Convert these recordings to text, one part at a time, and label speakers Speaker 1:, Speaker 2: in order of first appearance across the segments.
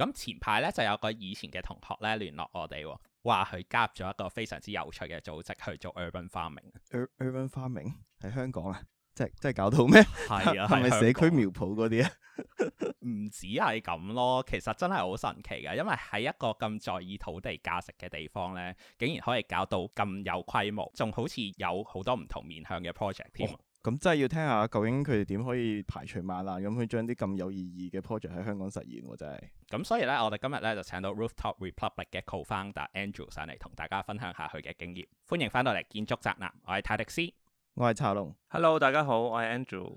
Speaker 1: 咁前排咧就有個以前嘅同學咧聯絡我哋，哦，話佢加入咗一個非常之有趣嘅組織去做 urban farming。
Speaker 2: urban ur farming 喺香港啊，即係即係搞到咩？係啊，係咪 社區苗圃嗰啲啊？
Speaker 1: 唔止係咁咯，其實真係好神奇㗎，因為喺一個咁在意土地價值嘅地方咧，竟然可以搞到咁有規模，仲好似有好多唔同面向嘅 project 添、哦。
Speaker 2: 咁真係要聽下，究竟佢哋點可以排除萬難，咁去將啲咁有意義嘅 project 喺香港實現？真係。
Speaker 1: 咁所以咧，我哋今日咧就請到 Rooftop Republic 嘅 Cofounder Andrew 上嚟，同大家分享下佢嘅經驗。歡迎翻到嚟建築宅男，我係泰迪斯，
Speaker 2: 我係查龍。
Speaker 1: Hello，大家好，我係 Andrew。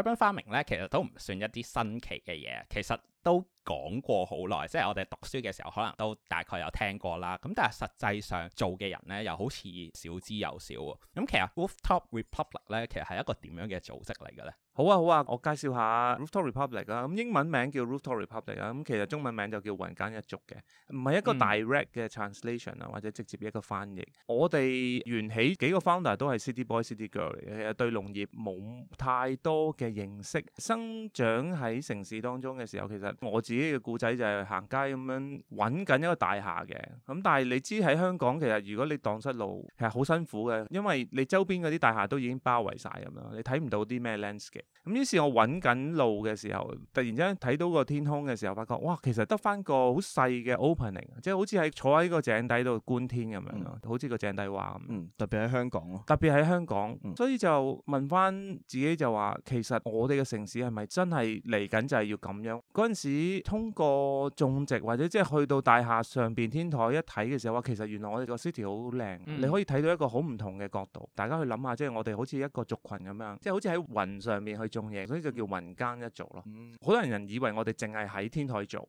Speaker 1: Urban Farming 咧，其實都唔算一啲新奇嘅嘢，其實都講過好耐，即係我哋讀書嘅時候，可能都大概有聽過啦。咁但係實際上做嘅人咧，又好似少之又少。咁其實 Rooftop Republic 咧，其實係一個點樣嘅組織嚟嘅咧？
Speaker 3: 好啊好啊，我介紹下 Rooftop Republic 啦。咁英文名叫 Rooftop Republic 啦。咁其實中文名就叫雲耕一族嘅，唔係一個 direct 嘅 translation 啊，或者直接一個翻譯。我哋源起幾個 founder 都係 city boy city girl 嚟嘅，其實對農業冇太多嘅認識。生長喺城市當中嘅時候，其實我自己嘅故仔就係行街咁樣揾緊一個大廈嘅。咁但係你知喺香港，其實如果你蕩失路，其實好辛苦嘅，因為你周邊嗰啲大廈都已經包圍晒咁樣，你睇唔到啲咩 landscape。咁於是，我揾緊路嘅時候，突然之間睇到個天空嘅時候，發覺哇，其實得翻個好細嘅 opening，即係好似喺坐喺個井底度觀天咁樣咯，嗯、好似個井底話
Speaker 2: 嗯，特別喺香港
Speaker 3: 咯、啊，特別喺香港，嗯、所以就問翻自己就話，其實我哋嘅城市係咪真係嚟緊就係要咁樣？嗰陣時通過種植或者即係去到大廈上面天台一睇嘅時候，話其實原來我哋個 city 好靚，嗯、你可以睇到一個好唔同嘅角度。大家去諗下，即係我哋好似一個族群咁樣，即係好似喺雲上面。去種嘢，所以就叫雲耕一族咯。好、嗯、多人以為我哋淨係喺天台做。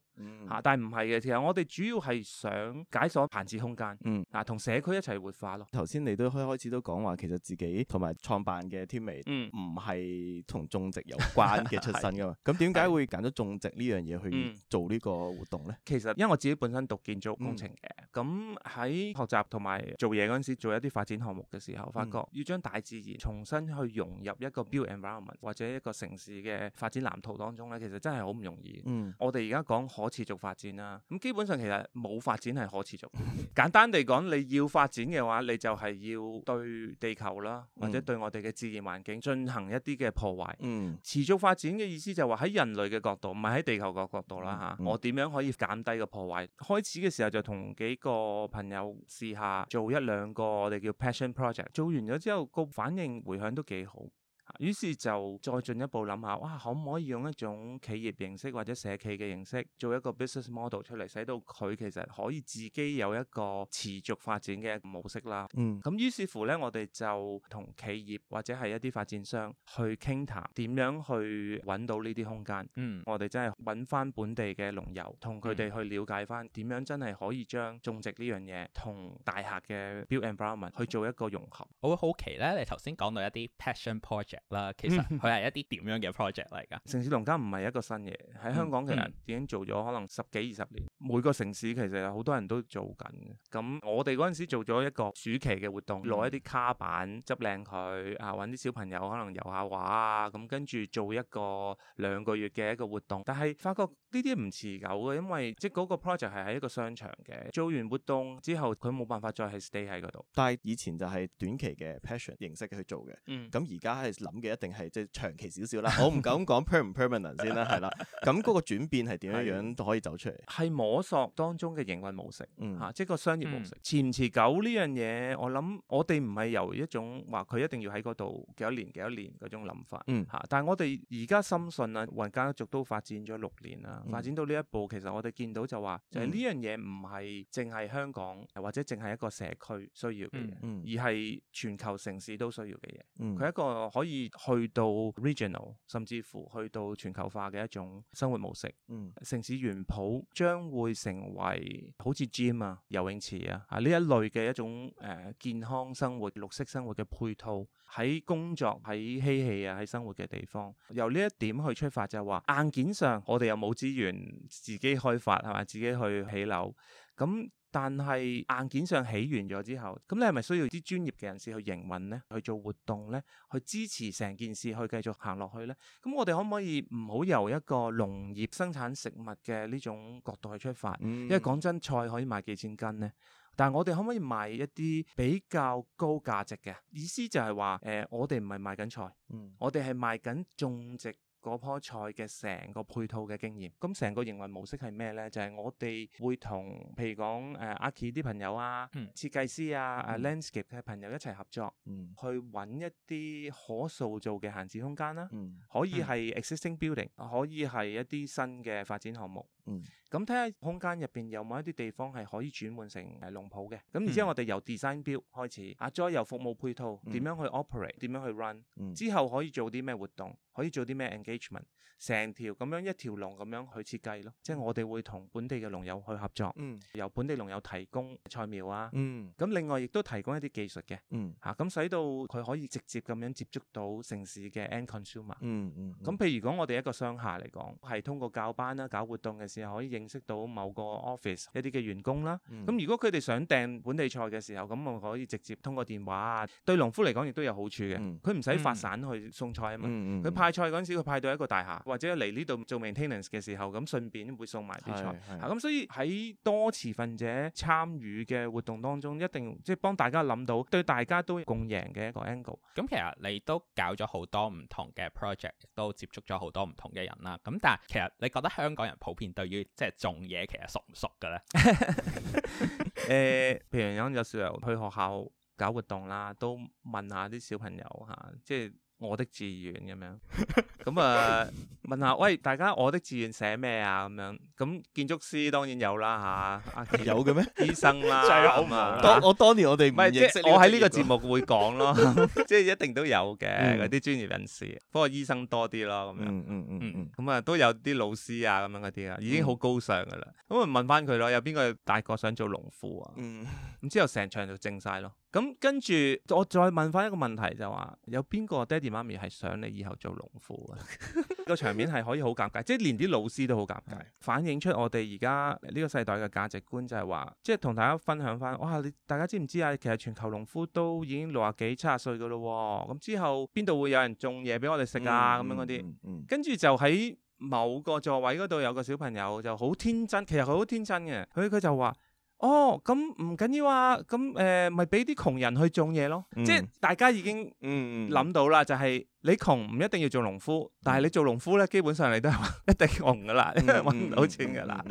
Speaker 3: 嚇！嗯、但係唔係嘅，其實我哋主要係想解鎖閒置空間，嗯，嗱同、啊、社區一齊活化咯。
Speaker 2: 頭先你都開開始都講話，其實自己同埋創辦嘅 teammate，嗯，唔係同種植有關嘅出身噶嘛。咁點解會揀咗種植呢樣嘢去做呢個活動咧、嗯？其實因為我自己本身讀
Speaker 3: 建築工程嘅，咁喺、嗯、學習同埋做嘢嗰陣時，做一啲發展項目嘅時候，發覺要將大自然重新去融入一個 build environment 或者一個城市嘅發展藍圖當中咧，其實真係好唔容易。嗯，我哋而家講可持續發展啦，咁基本上其實冇發展係可持續。簡單地講，你要發展嘅話，你就係要對地球啦，或者對我哋嘅自然環境進行一啲嘅破壞。嗯，持續發展嘅意思就係話喺人類嘅角度，唔係喺地球嘅角度啦吓。嗯嗯，我點樣可以減低個破壞？開始嘅時候就同幾個朋友試下做一兩個我哋叫 passion project，做完咗之後個反應回響都幾好。於是就再進一步諗下，哇，可唔可以用一種企業形式或者社企嘅形式，做一個 business model 出嚟，使到佢其實可以自己有一個持續發展嘅模式啦。嗯，咁於是乎咧，我哋就同企業或者係一啲發展商去傾談，談，點樣去揾到呢啲空間。嗯，我哋真係揾翻本地嘅農友，同佢哋去了解翻，嗯，點樣真係
Speaker 1: 可以將種植呢樣嘢同大廈嘅 build environment 去做一個融合。我會好奇咧，你頭先講到一啲 passion project。啦，其實佢係一啲點樣嘅 project 嚟㗎？ 城市
Speaker 3: 農家唔係一個新嘢，喺香港其實已經做咗
Speaker 1: 可能十幾二十
Speaker 3: 年。每個城市其實有好多人都做緊嘅。咁我哋嗰陣時做咗一個暑期嘅活動，攞一啲卡板執靚佢，啊揾啲小朋友可能遊下畫啊，咁跟住做一個兩個月嘅一個活動。但係發覺呢啲唔持久嘅，因為即係嗰個 project 係喺一個商場
Speaker 2: 嘅，做完活動之後佢冇辦法再係 stay 喺嗰度。但係以前就係短期嘅 passion 形式去做嘅。嗯、啊，咁而家係。諗嘅一定係即係長期少少啦， 我唔敢講 per permanent 先啦，係 啦。咁嗰個轉變係點樣樣都可以走出嚟？係摸索當中嘅營
Speaker 3: 運模式，嚇、嗯啊，即係個商業模式。持唔持久呢樣嘢？我諗我哋唔係由一種話佢一定要喺嗰度幾多年幾多年嗰種諗法嚇、嗯啊。但係我哋而家深信啊，雲耕一族都發展咗六年啦，嗯、發展到呢一步，其實我哋見到就話，誒呢樣嘢唔係淨係香港或者淨係一個社區需要嘅嘢，而係全球城市都需要嘅嘢。佢係、嗯嗯、一個可以。去到 regional，甚至乎去到全球化嘅一種生活模式。嗯，城市園圃將會成為好似 gym 啊、游泳池啊、啊呢一類嘅一種誒、呃、健康生活、綠色生活嘅配套喺工作、喺嬉戲，戲啊、喺生活嘅地方。由呢一點去出發就，就係話硬件上，我哋又冇資源自己開發，係嘛，自己去起樓。咁、嗯。但係硬件上起完咗之後，咁你係咪需要啲專業嘅人士去營運呢？去做活動呢？去支持成件事，去繼續行落去呢？咁我哋可唔可以唔好由一個農業生產食物嘅呢種角度去出發？嗯、因為講真，菜可以賣幾千斤呢，但係我哋可唔可以賣一啲比較高價值嘅？意思就係話，誒、呃，我哋唔係賣緊菜，嗯、我哋係賣緊種植。嗰棵菜嘅成個配套嘅經驗，咁成個營運模式係咩呢？就係、是、我哋會同，譬如講誒、啊、阿 Key 啲朋友啊，嗯、設計師啊、嗯、啊，landscape 嘅朋友一齊合作，嗯、去揾一啲可塑造嘅閒置空間啦、啊，嗯、可以係 existing building、嗯、可以係一啲新嘅發展項目。嗯嗯咁睇下空間入邊有冇一啲地方係可以轉換成誒農圃嘅，咁然之後我哋由 design 標開始，啊再由服務配套點樣去 operate，點樣去 run，之後可以做啲咩活動，可以做啲咩 engagement，成條咁樣一條龍咁樣去設計咯，即係我哋會同本地嘅農友去合作，由本地農友提供菜苗啊，咁、嗯、另外亦都提供一啲技術嘅，嚇、啊、咁使到佢可以直接咁樣接觸到城市嘅 end consumer，咁、
Speaker 2: 嗯嗯
Speaker 3: 嗯、譬如講我哋一個商廈嚟講，係通過教班啦，搞活動嘅時候可以認識到某個 office 一啲嘅員工啦，咁、嗯、如果佢哋想訂本地菜嘅時候，咁我可以直接通過電話啊。對農夫嚟講亦都有好處嘅，佢唔使發散去送菜啊嘛。佢、嗯嗯嗯、派菜嗰陣時，佢派到一個大廈，或者嚟呢度做 maintenance 嘅時候，咁順便會送埋啲菜。咁、啊、所以喺多持份者參與嘅活動當中，一定即係幫大家諗到對大家都共贏嘅一
Speaker 1: 個 angle。咁其實你都搞咗好多唔同嘅 project，都接觸咗好多唔同嘅人啦。咁但係其實你覺得香港人普遍對於即係。即係種嘢其實熟唔熟㗎咧？誒，譬如有有時候去學校搞活動啦，都問
Speaker 3: 下啲小朋友吓，即係。我的志願咁樣，咁、嗯、啊、呃、問下，喂大家我的志願寫咩啊？咁樣，咁建築師當然有啦吓，啊啊、有嘅咩？醫生啦，當我當年我哋唔係即係我喺呢個節目會講咯， 即係一定都有嘅嗰啲專業人士，不過醫生多啲咯，咁樣，嗯嗯嗯嗯，咁、嗯、啊、嗯嗯嗯、都有啲老師啊咁樣嗰啲啊，已經好高尚噶啦，咁、嗯、啊問翻佢咯，有邊個大個想做農夫啊？嗯，然之後成場就靜晒咯。咁跟住，我再問翻一個問題，就話有邊個爹哋媽咪係想你以後做農夫啊？ 個場面係可以好尷尬，即係連啲老師都好尷尬，嗯嗯嗯、反映出我哋而家呢個世代嘅價值觀就係話，即係同大家分享翻，哇！你大家知唔知啊？其實全球農夫都已經六十幾七十歲噶咯喎，咁、嗯、之、嗯嗯嗯、後邊度會有人種嘢俾我哋食啊？咁樣嗰啲，跟住就喺某個座位嗰度有個小朋友就好天真，其實佢好天真嘅，佢佢就話。哦，咁唔緊要啊，咁誒咪俾啲窮人去種嘢咯，嗯、即係大家已經諗到啦，嗯嗯、就係你窮唔一定要做農夫，嗯、但係你做農夫咧，基本上你都係一定窮噶啦，揾唔、嗯、 到錢噶啦。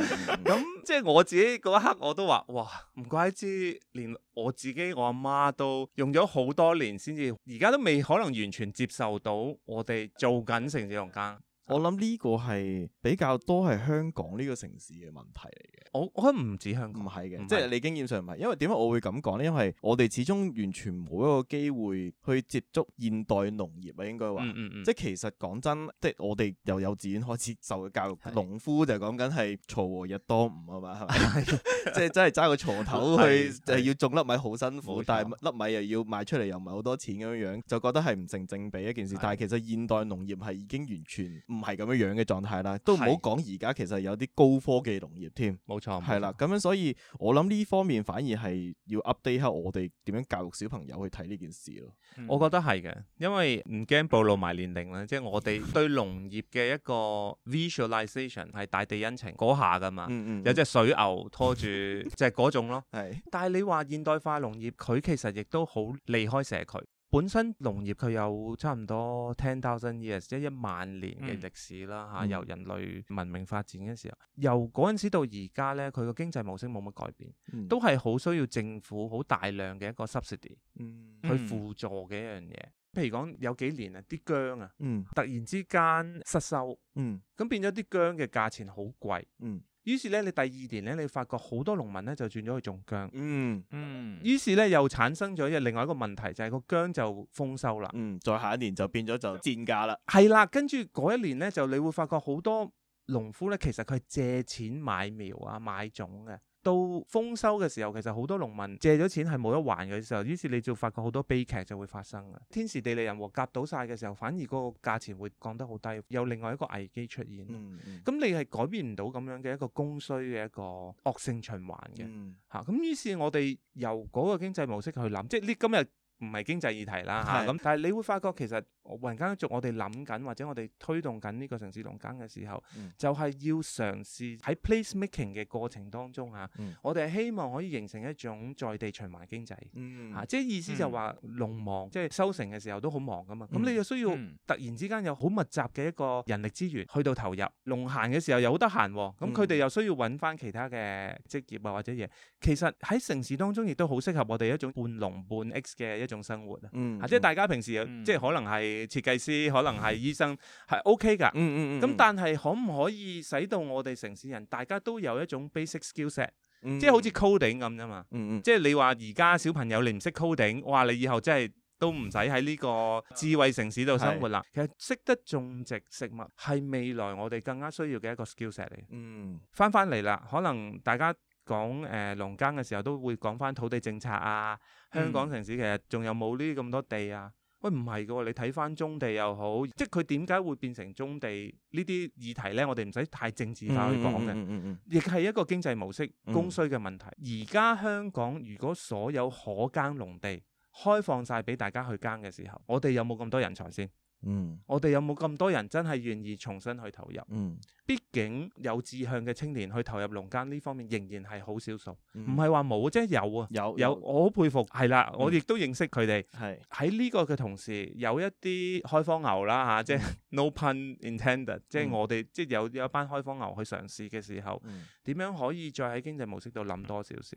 Speaker 3: 咁即係我自己嗰一刻我都話，哇，唔怪之連我自己我阿媽都用咗好多年先至，而家都未可能完全接受到我哋做緊城市農耕。」
Speaker 2: 我諗呢個係比較多係香港呢個城市嘅問題嚟嘅。我我覺得唔止香港係嘅，即係你經驗上唔係。因為點解我會咁講呢？因為我哋始終完全冇一個機會去接觸現代農業啊，應該話、嗯嗯嗯。即係其實講真，即係我哋由幼，幼稚園開始受嘅教育，農夫就講緊係鋤禾日當午啊嘛，係咪？係。即係真係揸個鋤頭去，係 要種粒米好辛苦，錯但係粒米又要賣出嚟又唔係好多錢咁樣樣，就覺得係唔成正比一件事。的但係其實現代農業係已經完全唔。唔係咁樣樣嘅狀態啦，都唔好講而家其實有啲高科技農業添，冇錯，係啦。咁樣所以我諗呢方面反而係要 update 下我哋點樣教育小朋友去睇呢件事咯。嗯、我覺得係嘅，因為唔驚暴露埋年齡啦，即係我哋
Speaker 3: 對農業嘅一個 visualization 係大地恩情嗰下噶嘛，嗯嗯嗯，有隻水牛拖住即係嗰種咯。係，嗯嗯嗯、但係你話現代化農業佢其實亦都好離開社區。本身農業佢有差唔多 ten thousand years，即係一萬年嘅歷史啦嚇，嗯、由人類文明發展嘅時候，由嗰陣時到而家咧，佢個經濟模式冇乜改變，嗯、都係好需要政府好大量嘅一個 subsidy、嗯、去輔助嘅一樣嘢。嗯、譬如講有幾年薑啊，啲薑啊，突然之間失收，咁、嗯、變咗啲薑嘅價錢好貴。嗯於是咧，你第二年咧，你發覺好多農民咧就轉咗去種薑、嗯。嗯嗯。於是咧，又產生咗一另外一個問題，就係、是、個薑就豐收啦。嗯。再下一年就變咗就賤價啦。係啦、嗯，跟住嗰一年咧，就你會發覺好多農夫咧，其實佢係借錢買苗啊、買種嘅。到豐收嘅時候，其實好多農民借咗錢係冇得還嘅時候，於是你就發覺好多悲劇就會發生啦。天時地利人和夾到晒嘅時候，反而個價錢會降得好低，有另外一個危機出現。咁、嗯嗯、你係改變唔到咁樣嘅一個供需嘅一個惡性循環嘅嚇。咁於、嗯啊、是我哋由嗰個經濟模式去諗，即係你今日。唔係經濟議題啦吓，咁的、啊、但係你會發覺其實雲耕一族我哋諗緊或者我哋推動緊呢個城市農耕嘅時候，嗯、就係要嘗試喺 place making 嘅過程當中、嗯、啊，嗯、我哋係希望可以形成一種在地循環經濟，嚇、嗯啊，即係意思就話農忙即係收成嘅時候都好忙噶嘛，咁、嗯、你又需要突然之間有好密集嘅一個人力資源去到投入，農閒嘅時候又好得閒、啊，咁佢哋又需要揾翻其他嘅職業啊或者嘢，其實喺城市當中亦都好適合我哋一種半農半 X 嘅一。種生活啊，嗯嗯、即係大家平時，嗯、即係可能係設計師，嗯、可能係醫生，係、嗯、OK 噶。咁、嗯嗯、但係可唔可以使到我哋城市人，大家都有一種 basic skill set、嗯、即係好似 coding 咁啫嘛。嗯嗯、即係你話而家小朋友你唔識 coding，哇！你以後真係都唔使喺呢個智慧城市度生活啦。嗯、其實識得種植食物係未來我哋更加需要嘅一個 skill set 嚟。嗯，翻翻嚟啦，可能大家。講誒農耕嘅時候都會講翻土地政策啊，嗯、香港城市其實仲有冇呢啲咁多地啊？喂，唔係噶喎，你睇翻棕地又好，即係佢點解會變成棕地呢啲議題呢？我哋唔使太政治化去講嘅，亦係、嗯嗯嗯嗯、一個經濟模式供需嘅問題。而家、嗯、香港如果所有可耕農地開放晒俾大家去耕嘅時候，我哋有冇咁多人才先？嗯，我哋有冇咁多人真係願意重新去投入？嗯，畢竟有志向嘅青年去投入農耕呢方面仍然係好少數，唔係話冇，即係有啊。有有，我好佩服。係啦，我亦都認識佢哋。係喺呢個嘅同時，有一啲開荒牛啦吓，即係 no pun intended，即係我哋即係有有一班開荒牛去嘗試嘅時候，點樣可以再喺經濟模式度諗多少少，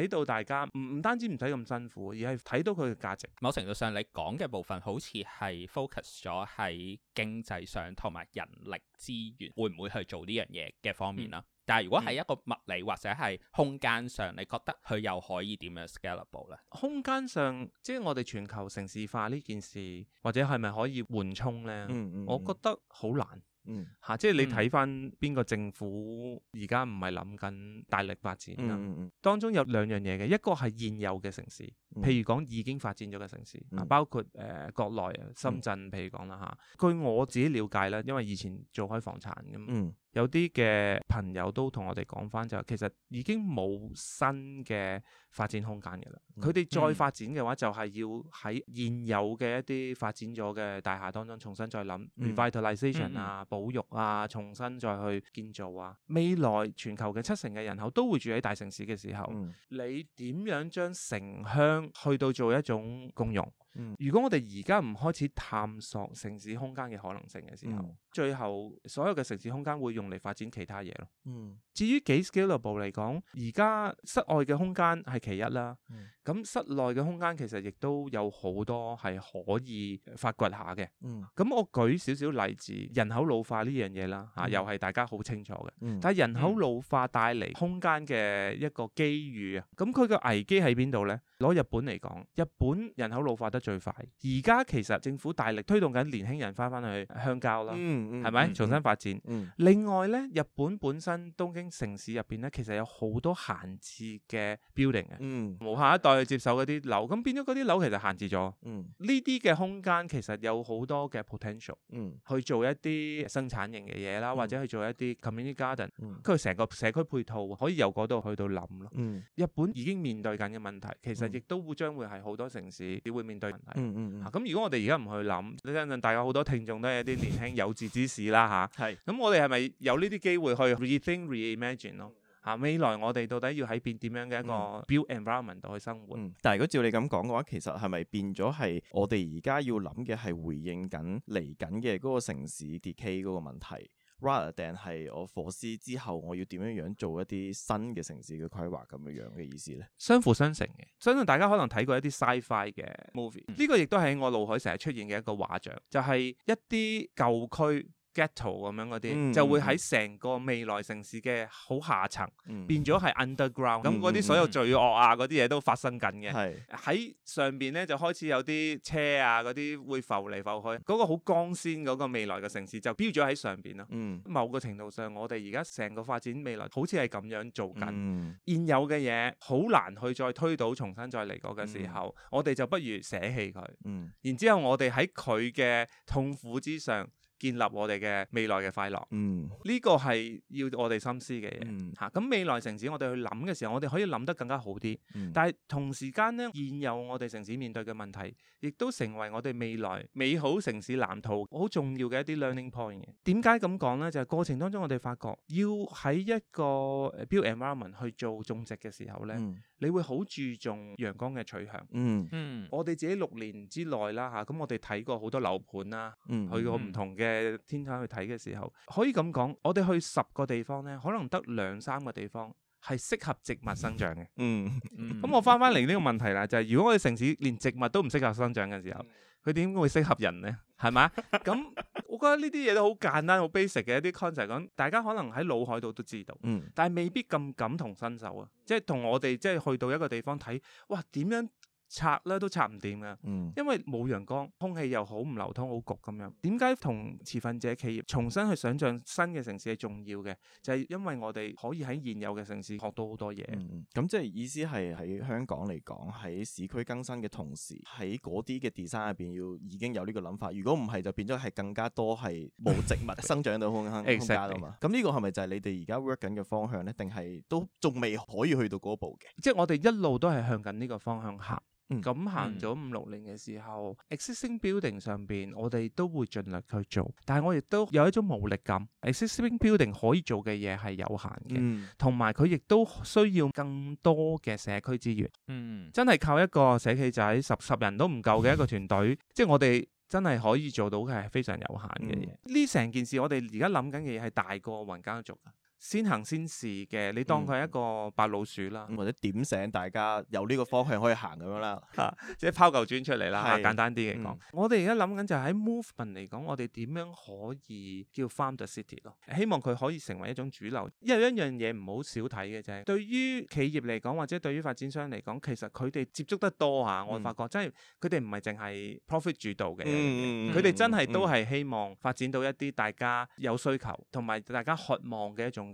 Speaker 1: 使到大家唔唔單止唔使咁辛苦，而係睇到佢嘅價值。某程度上，你講嘅部分好似係 focus。咗喺經濟上同埋人力資源，會唔會去做呢樣嘢嘅方面啦？嗯、但係如果係一個物理或者係空間上，你覺得佢又可以點樣 scalable 咧？
Speaker 3: 空間上，即係我哋全球城市化呢件事，
Speaker 1: 或者係咪可以緩衝呢？嗯嗯、我覺得好難。嗯，
Speaker 3: 啊、即係你睇翻邊個政府而家唔係諗緊大力發展啦。嗯嗯嗯、當中有兩樣嘢嘅，一個係現有嘅城市。譬如講已經發展咗嘅城市，啊、嗯，包括誒、呃、國內深圳，譬如講啦嚇，據我自己了解啦，因為以前做開房產咁，嗯、有啲嘅朋友都同我哋講翻就是，其實已經冇新嘅發展空間嘅啦。佢哋、嗯、再發展嘅話，嗯、就係要喺現有嘅一啲發展咗嘅大廈當中重新再諗 revitalization 啊、嗯、保育啊、重新再去建造啊。未來全球嘅七成嘅人口都會住喺大城市嘅時候，你點樣將城鄉？去到做一種共融。嗯，如果我哋而家唔開始探索城市空間嘅可能性嘅時候，嗯、最後所有嘅城市空間會用嚟發展其他嘢咯。嗯，至於幾 scalable 嚟講，而家室外嘅空間係其一啦。咁室內嘅空間其實亦都有好多係可以發掘下嘅。嗯，咁、嗯嗯嗯、我舉少少例子，人口老化呢樣嘢啦，嚇、嗯啊、又係大家好清楚嘅。嗯、但係人口老化帶嚟空間嘅一個機遇啊，咁佢嘅危機喺邊度呢？攞日本嚟講，日本人口老化得最快而家其實政府大力推動緊年輕人翻翻去鄉郊啦，嗯嗯，係咪重新發展？嗯，另外咧，日本本身東京城市入邊咧，其實有好多閒置嘅 building 嘅，嗯，無下一代去接手嗰啲樓，咁變咗嗰啲樓其實閒置咗，嗯，呢啲嘅空間其實有好多嘅 potential，嗯，去做一啲生產型嘅嘢啦，或者去做一啲 community garden，嗯，佢成個社區配套可以由嗰度去到諗咯，日本已經面對緊嘅問題，其實亦都會將會係好多城市會面對。嗯嗯，咁、嗯啊、如果我哋而家唔去諗，你相信大家好多聽眾都係一啲年輕有志之士啦嚇。係，咁我哋係咪有呢啲機會去 rethink, reimagine 咯？嚇、啊，未來我哋到底要喺邊點樣嘅一個
Speaker 2: built environment 度、嗯、去生活？嗯、但係如果照你咁講嘅話，其實係咪變咗係我哋而家要諗嘅係回應緊嚟緊嘅嗰個城市 decay 嗰個問題？rather 定係我火師之後我要點樣樣做一啲新嘅城市嘅規劃咁樣樣嘅意思呢？
Speaker 3: 相輔相成嘅，
Speaker 2: 相信大家可能睇過一啲 sci-fi 嘅 movie，呢個亦都喺
Speaker 3: 我腦海成日出現嘅一個畫像，就係、是、一啲舊區。Ghetto 咁樣啲、嗯、就會喺成個未來城市嘅好下層、嗯、變咗係 underground，咁嗰啲、嗯、所有罪惡啊嗰啲嘢都發生緊嘅。喺是上邊咧就開始有啲車啊嗰啲會浮嚟浮去，嗰、嗰個好光鮮嗰個未來嘅城市就標咗喺上邊咯。嗯、某個程度上，我哋而家成個發展未來好似係咁樣做緊，嗯、現有嘅嘢好難去再推倒重新再嚟過嘅時候，嗯、我哋就不如捨棄佢。嗯、然之後我哋喺佢嘅痛苦之上。建立我哋嘅未來嘅快樂，嗯，呢個係要我哋深思嘅嘢，嚇、嗯。咁、啊、未來城市我哋去諗嘅時候，我哋可以諗得更加好啲。嗯、但係同時間呢，現有我哋城市面對嘅問題，亦都成為我哋未來美好城市藍圖好重要嘅一啲 learning point 嘅。點解咁講呢？就係、是、過程當中我哋發覺，要喺一個 built environment 去做種植嘅時候呢。嗯你會好注重陽光嘅取向，嗯嗯，我哋自己六年之內啦嚇，咁我哋睇過好多樓盤啦，嗯、去過唔同嘅天台去睇嘅時候，可以咁講，我哋去十個地方呢，可能得兩三個地方。係適合植物生長嘅。嗯，咁我翻翻嚟呢個問題啦，就係如果我哋城市連植物都唔適合生長嘅時候，佢點會適合人呢？係咪啊？咁 我覺得呢啲嘢都好簡單、好 basic 嘅一啲 concept，講大家可能喺腦海度都知道，但係未必咁感同身受啊。即係同我哋即係去到一個地方睇，哇！點樣？拆咧都拆唔掂嘅，嗯、因為冇陽光，空氣又好唔流通，好焗咁樣。點解同持份者企業重新去想像新嘅城市係重要嘅？就係、是、因為我哋可以喺現有嘅城市學到好多嘢。
Speaker 2: 咁、嗯、即係意思係喺香港嚟講，喺市區更新嘅同時，喺嗰啲嘅 design 入邊要已經有呢個諗法。如果唔係，就變咗係更加多係冇植物 生長到空 Exactly. 空空間㗎嘛。咁呢個係咪就係你哋而家 work 緊嘅方向咧？定係都仲未可以去到嗰步嘅？即係我哋一路都係向緊呢個方向行。 咁行咗
Speaker 3: 五六年嘅時候，existing building、嗯、上邊，我哋都會盡力去做，但係我亦都有一種無力感。existing building 可以做嘅嘢係有限嘅，同埋佢亦都需要更多嘅社區資源。嗯、真係靠一個社企仔十十人都唔夠嘅一個團隊，即係、嗯、我哋真係可以做到嘅係非常有限嘅嘢。呢成、嗯、件事我哋而家諗緊嘅嘢係大過雲耕一族。先行先試嘅，你當佢係一個白老鼠啦、嗯，或者
Speaker 2: 點醒大家有呢個方向可以行咁樣啦，即係 拋嚿磚出嚟啦，是簡單啲嚟、嗯、講。
Speaker 3: 我哋而家諗緊就喺 movement 嚟講，我哋點樣可以叫 farm the city 咯？希望佢可以成為一種主流。因為一樣嘢唔好少睇嘅啫，對於企業嚟講或者對於發展商嚟講，其實佢哋接觸得多吓，嗯、我發覺即係佢哋唔係淨係 profit 主導嘅，佢哋、嗯嗯、真係都係希望發展到一啲大家有需求同埋大家渴望嘅一種。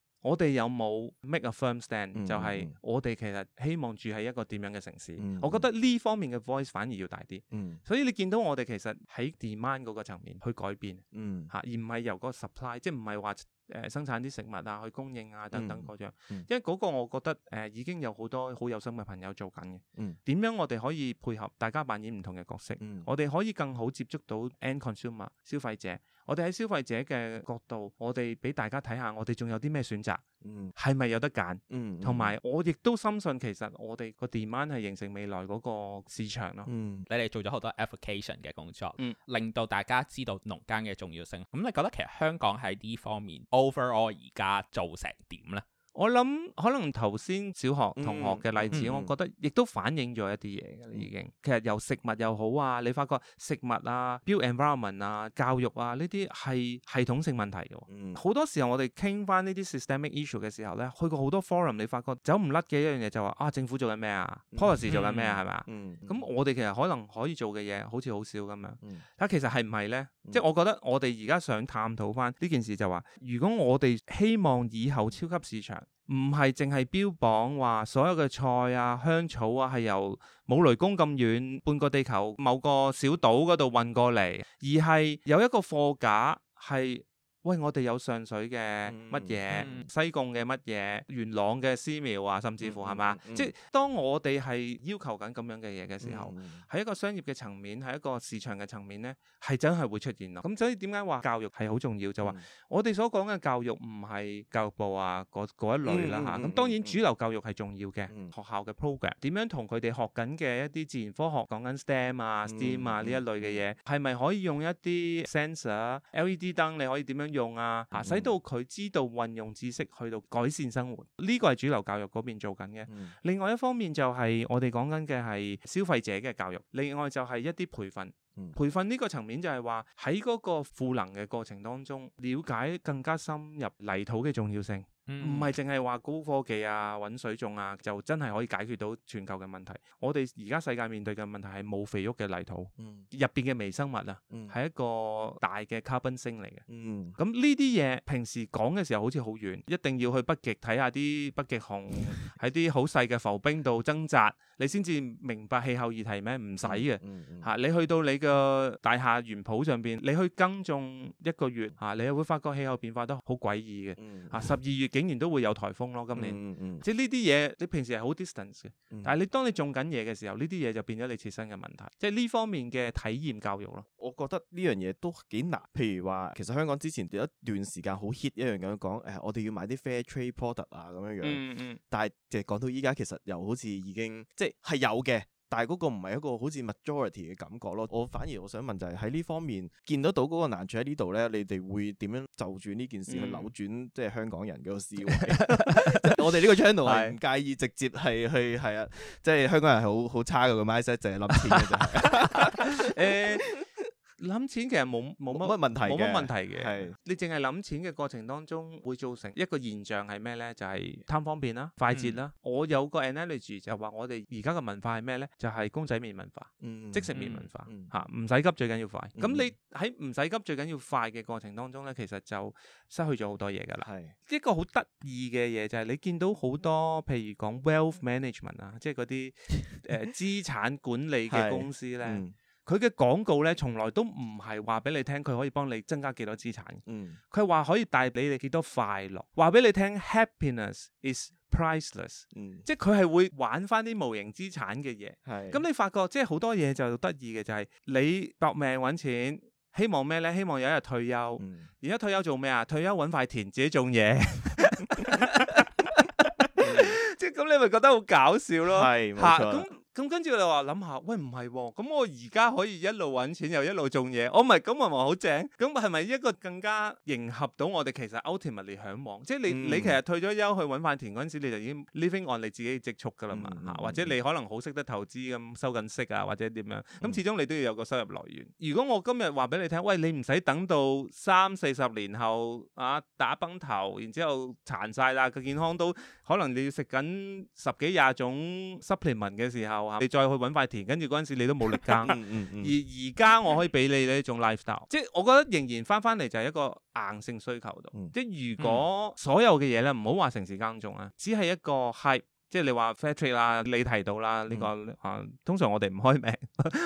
Speaker 3: 我哋有冇 make a firm stand？、嗯、就係我哋其實希望住喺一個點樣嘅城市？嗯、我覺得呢方面嘅 voice 反而要大啲。嗯、所以你見到我哋其實喺 demand 嗰個層面去改變嚇、嗯啊，而唔係由嗰個 supply，即係唔係話誒生產啲食物啊去供應啊等等嗰樣。嗯嗯、因為嗰個我覺得誒、呃、已經有好多好有心嘅朋友做緊嘅。點、嗯、樣我哋可以配合大家扮演唔同嘅角色？嗯、我哋可以更好接觸到 end consumer 消費者。我哋喺消費者嘅角度，我哋俾大家睇下我，我哋仲有啲咩選擇？嗯，嗯，係咪有得揀？嗯，
Speaker 2: 同埋
Speaker 3: 我亦都深信，其實
Speaker 1: 我哋個 demand 係形成未來嗰個市場咯。嗯，你哋做咗好多 education 嘅工作，嗯，令到大家知道農耕嘅重要性。咁你覺得其實香港喺呢方面 overall 而家做成點咧？
Speaker 3: 我諗可能頭先小學同學嘅例子，我覺得亦都反映咗一啲嘢嘅，已經。其實由食物又好啊，你發覺食物啊、build environment 啊、教育啊呢啲係系統性問題嘅。好多時候我哋傾翻呢啲 systemic issue 嘅時候咧，去過好多 forum，你發覺走唔甩嘅一樣嘢就話啊，政府做緊咩啊？policy 做緊咩啊？係咪？咁我哋其實可能可以做嘅嘢好似好少咁樣。但其實係唔係咧？即係我覺得我哋而家想探討翻呢件事就話，如果我哋希望以後超級市場，唔係淨係標榜話所有嘅菜啊、香草啊係由冇雷公咁遠、半個地球某個小島嗰度運過嚟，而係有一個貨架係。喂，我哋有上水嘅乜嘢，西貢嘅乜嘢，元朗嘅絲苗啊，甚至乎係嘛？即係當我哋係要求緊咁樣嘅嘢嘅時候，喺一個商業嘅層面，喺一個市場嘅層面咧，係真係會出現咯。咁所以點解話教育係好重要？就話我哋所講嘅教育唔係教育部啊嗰嗰一類啦吓，咁當然主流教育係重要嘅，學校嘅 program 點樣同佢哋學緊嘅一啲自然科學講緊 STEM 啊、STEAM 啊呢一類嘅嘢，係咪可以用一啲 sensor、LED 燈你可以點樣。用啊，吓使到佢知道運用知識去到改善生活，呢個係主流教育嗰邊做緊嘅。另外一方面就係我哋講緊嘅係消費者嘅教育，另外就係一啲培訓。培訓呢個層面就係話喺嗰個賦能嘅過程當中，了解更加深入泥土嘅重要性。唔係淨係話高科技啊，揾水種啊，就真係可以解決到全球嘅問題。我哋而家世界面對嘅問題係冇肥沃嘅泥土，入邊嘅微生物啊，係一個大嘅卡賓星嚟嘅。嗯，咁呢啲嘢平時講嘅時候好似好遠，一定要去北極睇下啲北極熊喺啲好細嘅浮冰度掙扎，你先至明白氣候議題咩？唔使嘅，吓，你去到你嘅大廈園圃上邊，你去耕種一個月吓，你會發覺氣候變化都好詭異嘅，嚇十二月嘅。竟然都會有颱風咯，今年、嗯嗯、即係呢啲嘢，你平時係好 distance 嘅，嗯、但係
Speaker 2: 你當你種緊嘢嘅時候，呢啲嘢就變咗你切身嘅問題，即係呢方面嘅體驗教育咯。我覺得呢樣嘢都幾難。譬如話，其實香港之前有一段時間好 hit 一樣嘢，講、哎、誒，我哋要買啲 fair trade product 啊咁樣樣。嗯嗯。嗯，但係即係講到依家，其實又好似已經即係係有嘅。但係嗰個唔係一個好似 majority 嘅感覺咯，我反而我想問就係喺呢方面見得到嗰個難處喺呢度咧，你哋會點樣就住呢件事去扭轉即係香港人嘅思維？嗯、 我哋呢個 channel 係唔介意直接係去係啊，即係、就是、香港人係好好差嘅，個 mindset 淨係諗錢嘅。
Speaker 3: 諗錢其實冇冇乜問題，冇乜問題嘅。係你淨係諗錢嘅過程當中，會造成一個現象係咩咧？就係貪方便啦、快捷啦。我有個 analogy 就話我哋而家嘅文化係咩咧？就係公仔麵文化、
Speaker 2: 即食麵文化，
Speaker 3: 吓，唔使急最緊要快。咁你喺唔使急最緊要快嘅過程當中咧，其實就失去咗好多嘢噶啦。係一個好得意嘅嘢就係你見到好多譬如講 wealth management 啊，即係嗰啲誒資產管理嘅公司咧。佢嘅廣告咧，從來都唔係話俾你聽，佢可以幫你增加幾多資產。嗯，佢話可以帶俾你幾多快樂，話俾你聽。Happiness is priceless。嗯，即係佢係會玩翻啲無形資產嘅嘢。係。咁你發覺即係好多嘢就得意嘅，就係你搏命揾錢，希望咩咧？希望有一日退休。而家退休做咩啊？退休揾塊田自己種嘢。即係咁，你咪覺得好搞笑咯。係，冇錯。咁跟住我就話諗下，喂唔係喎，咁、哦、我而家可以一路揾錢又一路種嘢，我唔係，咁咪話好正？咁係咪一個更加迎合到我哋其實 ultimately 向往？即係你、嗯、你其實退咗休去揾飯田嗰陣時，你就已經 living on 你自己嘅積蓄噶啦嘛、嗯嗯、或者你可能好識得投資咁、嗯、收緊息啊，或者點樣？咁始終你都要有個收入來源。如果我今日話俾你聽，喂，你唔使等到三四十年後啊打崩頭，然之後殘晒啦，個健康都可能你要食緊十幾廿種 supplement 嘅時候。你再去揾塊田，跟住嗰陣時你都冇力耕， 嗯嗯，而而家我可以俾你呢一種 lifestyle， 即係我覺得仍然翻翻嚟就係一個硬性需求度。嗯、即係如果所有嘅嘢咧，唔好話城市耕種啊，只係一個 hype，即係你話 fashion 啦，你提到啦，呢、這個、嗯、啊通常我哋唔開名，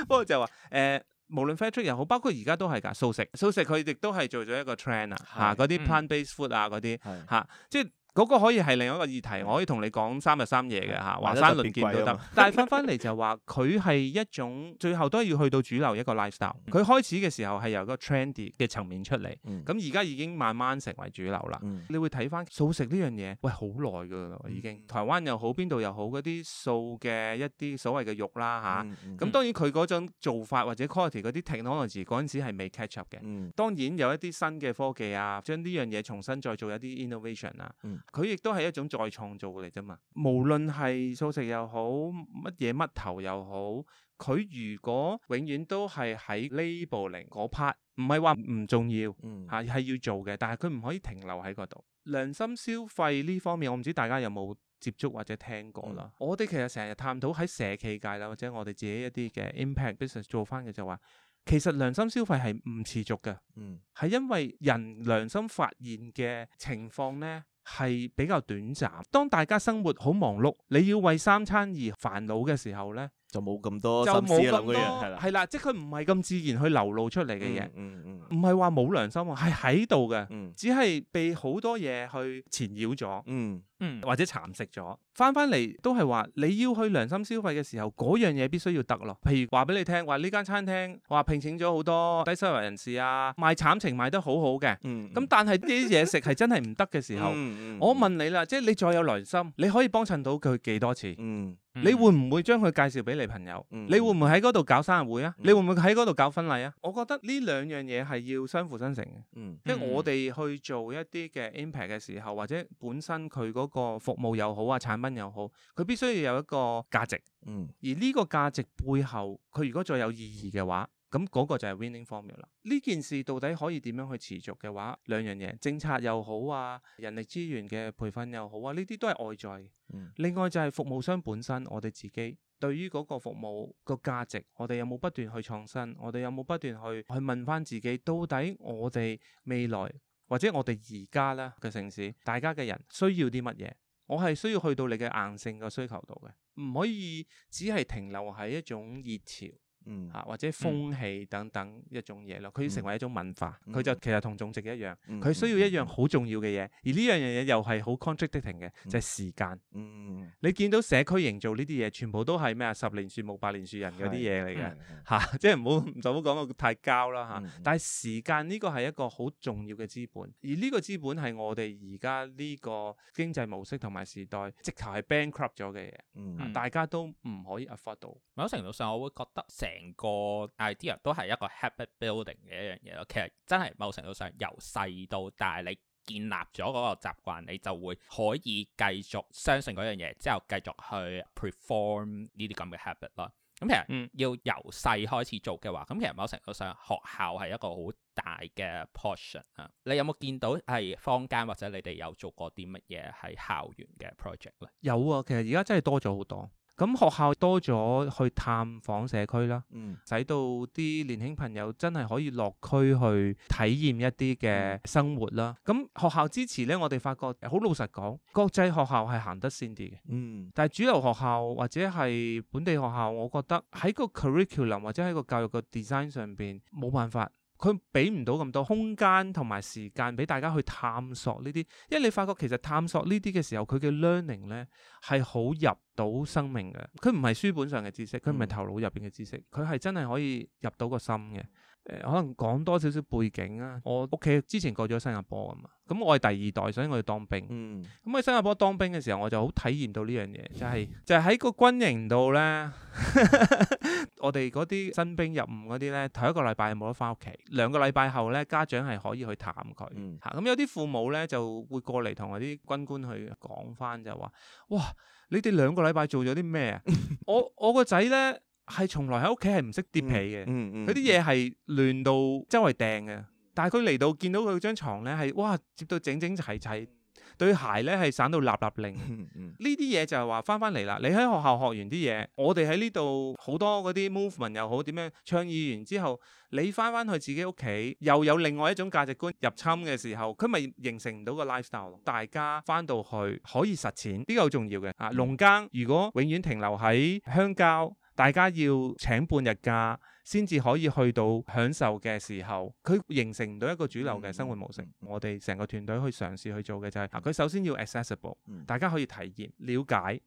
Speaker 3: 不 過就話誒、呃，無論 fashion 又好，包括而家都係噶素食，素食佢亦都係做咗一個 trend 啊，嚇嗰啲 plant-based food 啊嗰啲嚇，即係。即即嗰個可以係另一個議題，嗯、我可以同你講三日三夜嘅嚇，華山論劍都得。 但係翻翻嚟就係話佢係一種最後都要去到主流一個 lifestyle。佢、嗯、開始嘅時候係由個 trendy 嘅層面出嚟，咁而家已經慢慢成為主流啦。嗯、你會睇翻素食呢樣嘢，喂，好耐㗎啦已經。嗯、台灣又好，邊度又好，嗰啲素嘅一啲所謂嘅肉啦嚇，咁、啊嗯嗯、當然佢嗰種做法或者 quality 嗰啲 technology 可能自嗰陣時係未 catch up 嘅。嗯、當然有一啲新嘅科技啊，將呢樣嘢重新再做一啲 innovation 啦、嗯。佢亦都係一種再創造嚟啫嘛，無論係素食又好，乜嘢乜頭又好，佢如果永遠都係喺 labeling 嗰 part，唔係話唔重要，嚇係要做嘅，但係佢唔可以停留喺嗰度。良心消費呢方面，我唔知大家有冇接觸或者聽過啦。嗯、我哋其實成日探討喺社企界啦，或者我哋自己一啲嘅 impact business 做翻嘅就話，其實良心消費係唔持續嘅，嗯，係因為人良心發現嘅情況咧。係比較短暫。當大家生活好忙碌，你要為三餐而煩惱嘅時候呢，就冇咁多心思諗嗰樣，係啦的的，即係佢唔係咁自然去流露出嚟嘅嘢，唔係話冇良心，係喺度嘅，嗯、只係被好多嘢去纏繞咗。嗯嗯，或者蠶食咗，翻翻嚟都係話你要去良心消費嘅時候，嗰樣嘢必須要得咯。譬如話俾你聽話呢間餐廳話聘請咗好多低收入人士啊，賣慘情賣得好好嘅，咁但係啲嘢食係真係唔得嘅時候，我問你啦，即係你再有良心，你可以幫襯到佢幾多次？嗯，你會唔會將佢介紹俾你朋友？你會唔會喺嗰度搞生日會啊？你會唔會喺嗰度搞婚禮啊？我覺得呢兩樣嘢係要相輔相成嘅。嗯，即係我哋去做一啲嘅 impact 嘅時候，或者本身佢嗰。嗰個服務又好啊，產品又好，佢必須要有一個價值。嗯，而呢個價值背後，佢如果再有意義嘅話，咁嗰個就係 winning formula。呢件事到底可以點樣去持續嘅話，兩樣嘢，政策又好啊，人力資源嘅培訓又好啊，呢啲都係外在。嗯，另外就係服務商本身，我哋自己對於嗰個服務個價值，我哋有冇不斷去創新？我哋有冇不斷去去問翻自己，到底我哋未來？或者我哋而家咧嘅城市，大家嘅人需要啲乜嘢？我係需要去到你嘅硬性嘅需求度嘅，唔可以只係停留喺一種熱潮。嗯嚇，或者風氣等等一種嘢咯，佢要成為一種文化，佢就其實同種植一樣，佢需要一樣好重要嘅嘢，而呢樣嘢又係好 contradicting 嘅，就係、是、時間。嗯，你見到社區營造呢啲嘢，全部都係咩啊？十年樹木，百年樹人嗰啲嘢嚟嘅嚇，即係唔好就好講得太膠啦嚇。啊嗯、但係時間呢個係一個好重要嘅資本，而呢個資本係我哋而家呢個經濟模式同埋時代直頭係 bankrupt 咗嘅嘢，大家
Speaker 1: 都唔可以 afford 到。嗯、某程度上，我會覺得成個 idea 都係一個 habit building 嘅一樣嘢咯。其實真係某程度上由細到大，你建立咗嗰個習慣，你就會可以繼續相信嗰樣嘢，之後繼續去 perform 呢啲咁嘅 habit 咯。咁其實嗯，要由細開始做嘅話，咁其實某程度上學校係一個好大嘅 portion 啊。你有冇見到係坊間或者你哋有做過啲乜嘢係校園嘅 project 咧？
Speaker 3: 有啊，其實而家真係多咗好多。咁學校多咗去探訪社區啦，嗯、使到啲年輕朋友真係可以落區去體驗一啲嘅生活啦。咁、嗯、學校支持咧，我哋發覺好老實講，國際學校係行得先啲嘅。嗯，但係主流學校或者係本地學校，我覺得喺個 curriculum 或者喺個教育嘅 design 上邊冇辦法。佢俾唔到咁多空間同埋時間俾大家去探索呢啲，因為你發覺其實探索呢啲嘅時候，佢嘅 learning 呢係好入到生命嘅。佢唔係書本上嘅知識，佢唔係頭腦入邊嘅知識，佢係真係可以入到個心嘅。誒可能講多少少背景啊，我屋企之前過咗新加坡啊嘛，咁我係第二代，所以我去當兵。嗯，咁喺新加坡當兵嘅時候，我就好體驗到呢樣嘢，就係、係嗯、就喺個軍營度咧， 我哋嗰啲新兵入伍嗰啲咧，頭一個禮拜冇得翻屋企，兩個禮拜後咧，家長係可以去探佢。嗯，咁、嗯、有啲父母咧就會過嚟同我啲軍官去講翻，就話：哇，你哋兩個禮拜做咗啲咩啊？我我個仔咧，係從來喺屋企係唔識疊被嘅，佢啲嘢係亂到周圍掟嘅。但係佢嚟到見到佢張床咧，係哇，折到整整齊齊。對鞋咧係散到立立令，嗯。呢啲嘢就係話翻翻嚟啦。你喺學校學完啲嘢，我哋喺呢度好多嗰啲 movement 又好，點樣倡議完之後，你翻翻去自己屋企，又有另外一種價值觀入侵嘅時候，佢咪形成唔到個 lifestyle 咯。大家翻到去可以實踐，呢個好重要嘅啊。農耕如果永遠停留喺香蕉。大家要請半日假先至可以去到享受嘅時候，佢形成唔到一個主流嘅生活模式。嗯、我哋成個團隊去嘗試去做嘅就係、是，佢首先要 accessible，大家可以體驗、了解、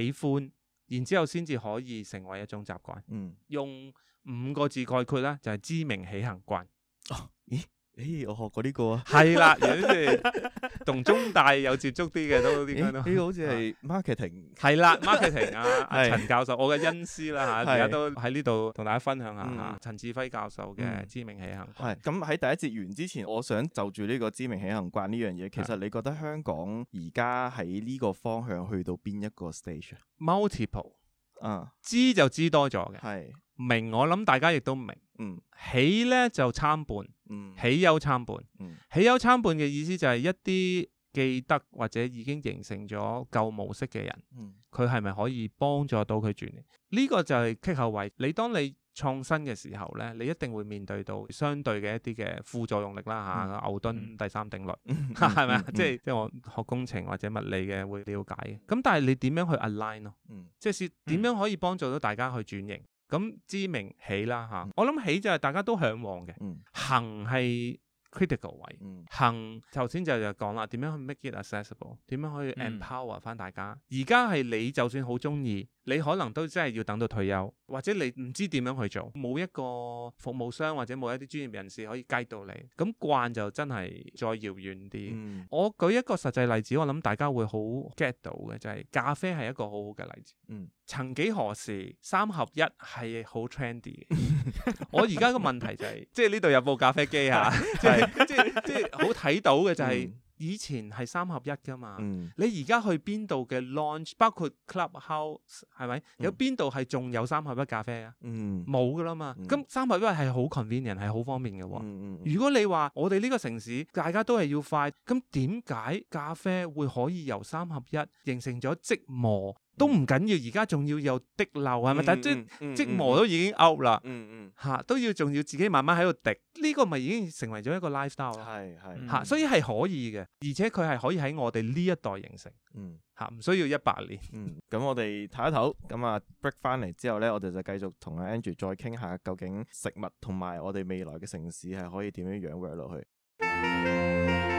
Speaker 3: 喜歡，然之後先至可以成為一種習慣。嗯、用五個字概括咧，就係、是、知名起
Speaker 2: 行慣。哦，咦？誒、欸，我學過呢個啊，係啦， 有啲係同中
Speaker 3: 大有接觸啲嘅都啲，呢、這個欸這個好似係 marketing，係啦 marketing 啊，陳 的教授，我嘅恩師啦、啊、吓，而家的都喺呢度同大家分享一下吓，陳、嗯、志輝教授嘅知
Speaker 2: 名起行慣。係咁喺第一節完之前，我想就住呢個知名起行慣呢樣嘢，其實你覺得香港而家喺呢個方向去到邊一個 stage？Multiple 啊，Multiple，嗯、知就知多咗嘅，係的明我諗大家亦都明。呢嗯，喜咧
Speaker 3: 就參半，嗯，喜憂參半，嗯，喜憂參半嘅意思就係一啲記得或者已經形成咗舊模式嘅人，嗯，佢係咪可以幫助到佢轉型呢？這個就係棘后位，你當你創新嘅時候咧，你一定會面對到相對嘅一啲嘅副作用力啦吓、啊，牛頓第三定律，係咪啊？即係即係我學工程或者物理嘅會了解嘅，咁但係你點樣去 align 咯？嗯，嗯 即係點樣可以幫助到大家去轉型？咁知名起啦吓， 我諗起就係大家都向往嘅，嗯、行係 critical 位、嗯，行頭先就就講啦，點樣去 make it accessible，點樣可以 empower 翻大家，而家係你就算好中意。你可能都真係要等到退休，或者你唔知點樣去做，冇一個服務商或者冇一啲專業人士可以 Guide 到你，咁、嗯、慣就真係再遙遠啲。嗯、我舉一個實際例子，我諗大家會好 get 到嘅，就係、是、咖啡係一個好好嘅例子。曾、嗯、幾何時三合一係好 trendy， 我而家個問題就係、是， 即係呢度有部咖啡機呀，即係即係即係好睇到嘅就係、是。 嗯以前係三合一噶嘛，嗯、你而家去邊度嘅 launch，包括 clubhouse 係咪？嗯、有邊度係仲有三合一咖啡啊？冇噶啦嘛，咁、嗯、三合一係好 convenient，係好方便嘅喎。嗯嗯、如果你話我哋呢個城市大家都係要快，咁點解咖啡會可以由三合一形成咗即磨？都唔緊要緊，而家仲要有滴漏係咪？嗯、但係即、嗯、磨都已經 out 啦，吓都要仲要自己慢慢喺度滴，呢、這個咪已經成為咗一個 lifestyle 係係吓，嗯、所以係可以嘅，而且佢係可以喺
Speaker 2: 我哋呢一代形成，吓唔、嗯、需要一百年，咁、嗯、我哋睇一睇，咁啊 break 翻嚟之後呢，我哋就繼續同阿 Andrew 再傾下，究竟食物同埋我哋未來嘅城市係可以點樣養活落去。嗯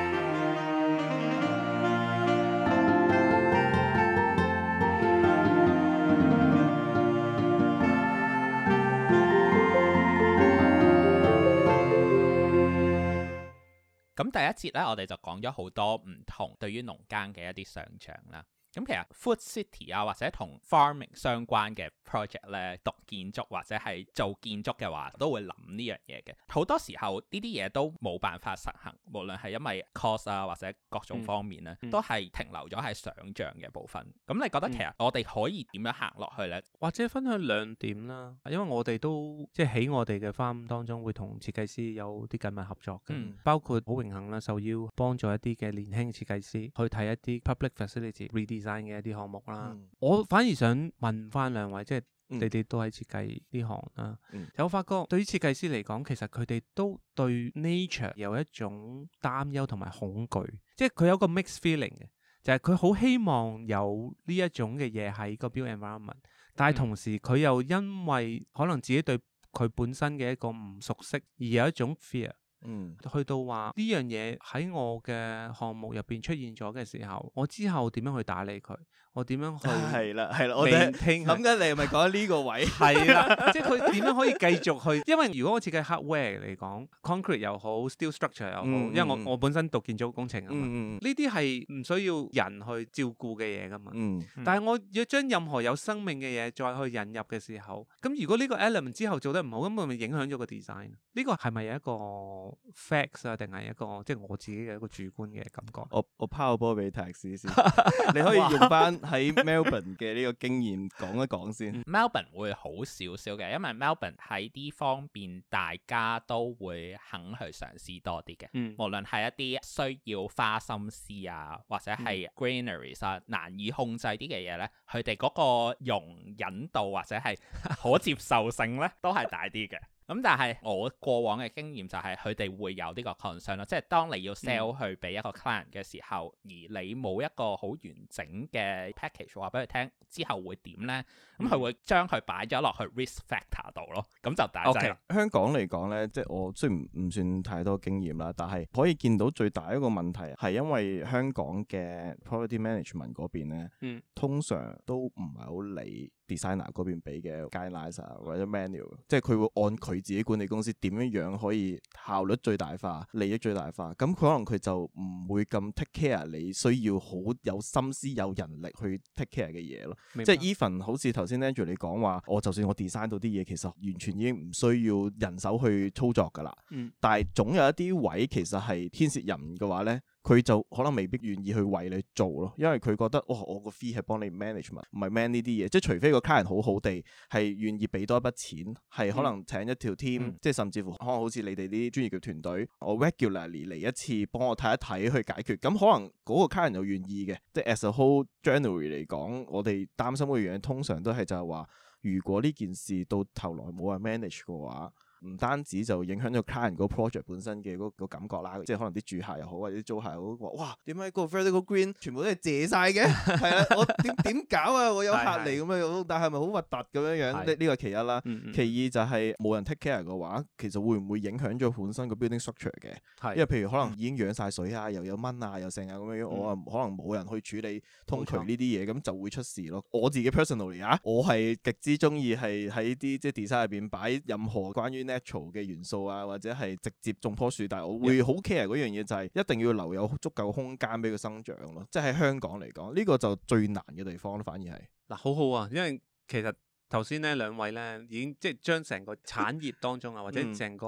Speaker 1: 咁第一節咧，我哋就講咗好多唔同對於農耕嘅一啲上場啦。咁其實 Food City 啊，或者同 farming 相關嘅 project 咧，讀建築或者係做建築嘅話，都會諗呢樣嘢嘅。好多時候呢啲嘢都冇辦法實行，無論係因為 cost 啊，或者各種方面咧，嗯、都係停留咗喺想像嘅部分。咁、嗯嗯、你覺得其實我哋可以點樣行落去呢？
Speaker 3: 或者分享兩點啦，因為我哋都即係喺我哋嘅 farm 當中會同設計師有啲緊密合作嘅，嗯、包括好榮幸啦，受邀幫助一啲嘅年輕設計師去睇一啲 public facilities 嘅一啲項目啦，嗯、我反而想問翻兩位，即係你哋都係設計呢行啦。有、嗯、發覺對於設計師嚟講，其實佢哋都對 nature 有一種擔憂同埋恐懼，即係佢有個 mixed feeling 嘅，就係佢好希望有呢一種嘅嘢喺個 built environment，但係同時佢又因為可能自己對佢本身嘅一個唔熟悉而有一種 fear。嗯，去到話呢樣嘢，喺我嘅項目入邊出現咗嘅時候，我之後點樣去打理佢？我點樣去？係啦，係啦，我哋聽。咁嘅你係咪講呢個位？係啦，即係佢點樣可以繼續去？因為如果我設計 hardware 嚟講，concrete 又好，steel structure 又好，嗯、因為我、嗯、我本身讀建築工程啊嘛，呢啲係唔需要人去照顧嘅嘢噶嘛。嗯嗯、但係我要將任何有生命嘅嘢再去引入嘅時候，咁如果呢個 element 之後做得唔好，咁我咪影響咗個 design？呢、這個係咪有
Speaker 2: 一個？facts 啊，定係一個即係我自己嘅一個主觀嘅感覺。我我拋個波俾 Tax 先， 你可以用翻喺 Melbourne 嘅呢個經驗講一講先。
Speaker 1: Melbourne 會好少少嘅，因為 Melbourne 喺啲方面，大家都會肯去嘗試多啲嘅。嗯，無論係一啲需要花心思啊，或者係 greenery 啊，難以控制啲嘅嘢咧，佢哋嗰個容忍度或者係可接受性咧，都係大啲嘅。嗯 咁但係我過往嘅經驗就係佢哋會有呢個 concern 咯，即係當你要 sell 去俾一個 client 嘅時候，嗯、而你冇一個好完整嘅 package 話俾佢聽之後會點咧，咁、嗯、佢、嗯、會將佢擺咗落去 risk factor 度咯，咁就大晒。OK、嗯、
Speaker 2: 香港嚟講咧，即係我雖然唔算太多經驗啦，但係可以見到最大一個問題係因為香港嘅 property management 嗰邊咧，通常都唔係好理。designer 嗰邊俾嘅 guidance 或者 manual，即係佢會按佢自己管理公司點樣樣可以效率最大化、利益最大化。咁佢可能佢就唔會咁 take care 你需要好有心思、有人力去 take care 嘅嘢咯。明白。即係 even 好似頭先 Andrew 你講話，我就算我 design 到啲嘢，其實完全已經唔需要人手去操作噶啦。嗯、但係總有一啲位其實係牽涉人嘅話咧。佢就可能未必願意去為你做咯，因為佢覺得哇、哦，我個 fee 係幫你 manage 埋，唔係 man 呢啲嘢。即係除非個 client 好好地係願意俾多一筆錢，係可能請一條 team，嗯、即係甚至乎可能好似你哋啲專業嘅團隊，我 regularly 嚟一次幫我睇一睇去解決。咁可能嗰個 client 又願意嘅。即係 as a whole generally 嚟講，我哋擔心嘅嘢通常都係就係話，如果呢件事到頭來冇人 manage 嘅話。唔單止就影響咗客人個 project 本身嘅嗰個感覺啦，即係可能啲住客又好或者租客又好哇，點解個 vertical green 全部都係借晒嘅？係啊， 我點點 搞啊？我有客嚟咁樣，但係咪好核突咁樣樣？呢個的個其一啦，嗯嗯其二就係、是、冇人 take care 嘅話，其實會唔會影響咗本身個 building structure 嘅？係的因為譬如可能已經養晒水啊，又有蚊啊，又剩啊咁樣樣，嗯、我啊可能冇人去處理通渠呢啲嘢，咁、嗯、就會出事咯。嗯、我自己 personally 啊，我係極之中意係喺啲即係 design 入邊擺任何關於咧。嘅元素啊，或者係直接種棵樹，但係我會好 care 嗰樣嘢就係、是、一定要留有足夠空間俾佢生長咯。即係香港嚟講，呢、這個就最難嘅地方咯，反而係嗱，好好啊，因為其實。
Speaker 3: 頭先呢兩位咧已經即係將成個產業當中啊，或者成個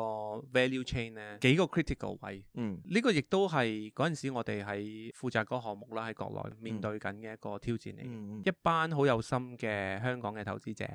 Speaker 3: value chain 咧幾個 critical 位，嗯呢個亦都係陣時我哋喺負責嗰個項目啦，喺國內面對緊嘅一個挑戰嚟。一班好有心嘅香港嘅投資者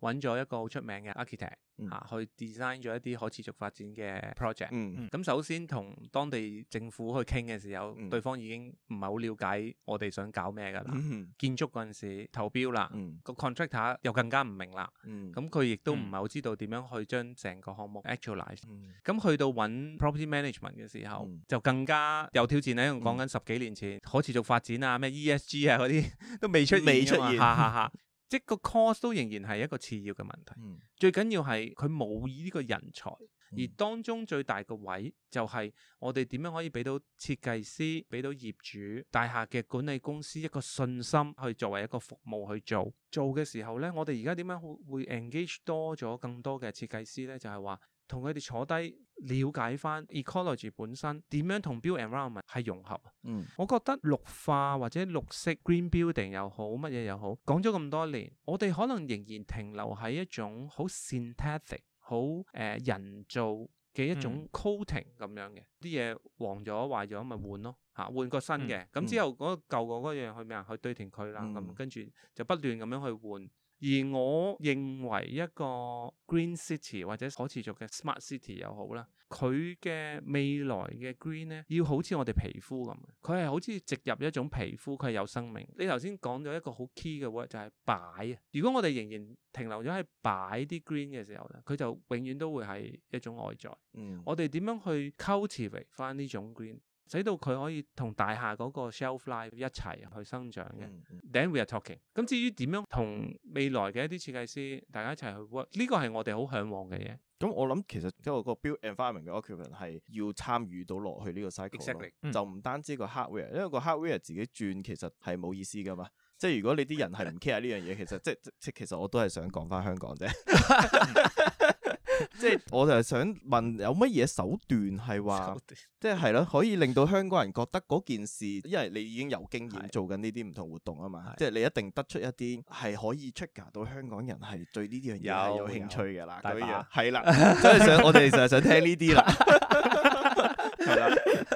Speaker 3: 揾咗一個好出名嘅 architect 嚇，去 design 咗一啲可持續發展嘅 project。咁首先同當地政府去傾嘅時候，對方已經唔係好了解我哋想搞咩㗎啦。建築嗰陣時投標啦，個 contractor 又更加唔。明啦，咁佢亦都唔係好知道點樣去將成個項目 actualize。咁、嗯、去到揾 property management 嘅時候，嗯、就更加有挑戰咧。我講緊十幾年前、嗯、可持續發展啊，咩 ESG 啊嗰啲都未出未出現，哈，哈哈哈！ 即個 cost 都仍然係一個次要嘅問題。嗯、最緊要係佢冇呢個人才。而當中最大個位就係我哋點樣可以俾到設計師、俾到業主、大廈嘅管理公司一個信心去作為一個服務去做。做嘅時候呢，我哋而家點樣會 engage 多咗更多嘅設計師呢？就係話同佢哋坐低了解返 ecology 本身點樣同 build environment 係融合。嗯，我覺得綠化或者綠色 green building 又好，乜嘢又好，講咗咁多年，我哋可能仍然停留喺一種好 synthetic。好誒，呃、人造嘅一種 coating 咁，嗯、樣嘅啲嘢黃咗壞咗咪換咯，嚇換個新嘅咁，嗯、之後嗰舊個嗰樣去咩啊？去堆填佢啦，咁跟住就不斷咁樣去換。而我認為一個 green city 或者可持續嘅 smart city 又好啦，佢嘅未來嘅 green 咧，要好似我哋皮膚咁，佢係好似植入一種皮膚，佢係有生命。你頭先講咗一個好 key 嘅 word 就係擺啊！如果我哋仍然停留咗喺擺啲 green 嘅時候咧，佢就永遠都會係一種外在。嗯，我哋點樣去 cultivate 返呢種 green？使到佢可以同大廈嗰個 shelf life 一齊去生長嘅，then we are talking。咁至於點樣同未來嘅一啲設計師大家一齊去 work，呢個係我哋好嚮往嘅
Speaker 2: 嘢。咁我諗其實即係個 build environment 嘅 occupation 係要參與到落去呢個 cycle。就唔單止個 hardware，因為個 hardware 自己轉其實係冇意思㗎嘛。即係如果你啲人係唔 care 呢樣嘢，其實即即即其實我都係想講返香港啫。 即係我就係想問有乜嘢手段係話，段即係係咯，可以令到香港人覺得嗰件事，因為你已經有經驗做緊呢啲唔同活動啊嘛，是即係你一定得出一啲係可以 trigger 到香港人係對呢樣嘢有興趣嘅啦，咁樣係啦把，所以想 我哋就係想聽呢啲啦。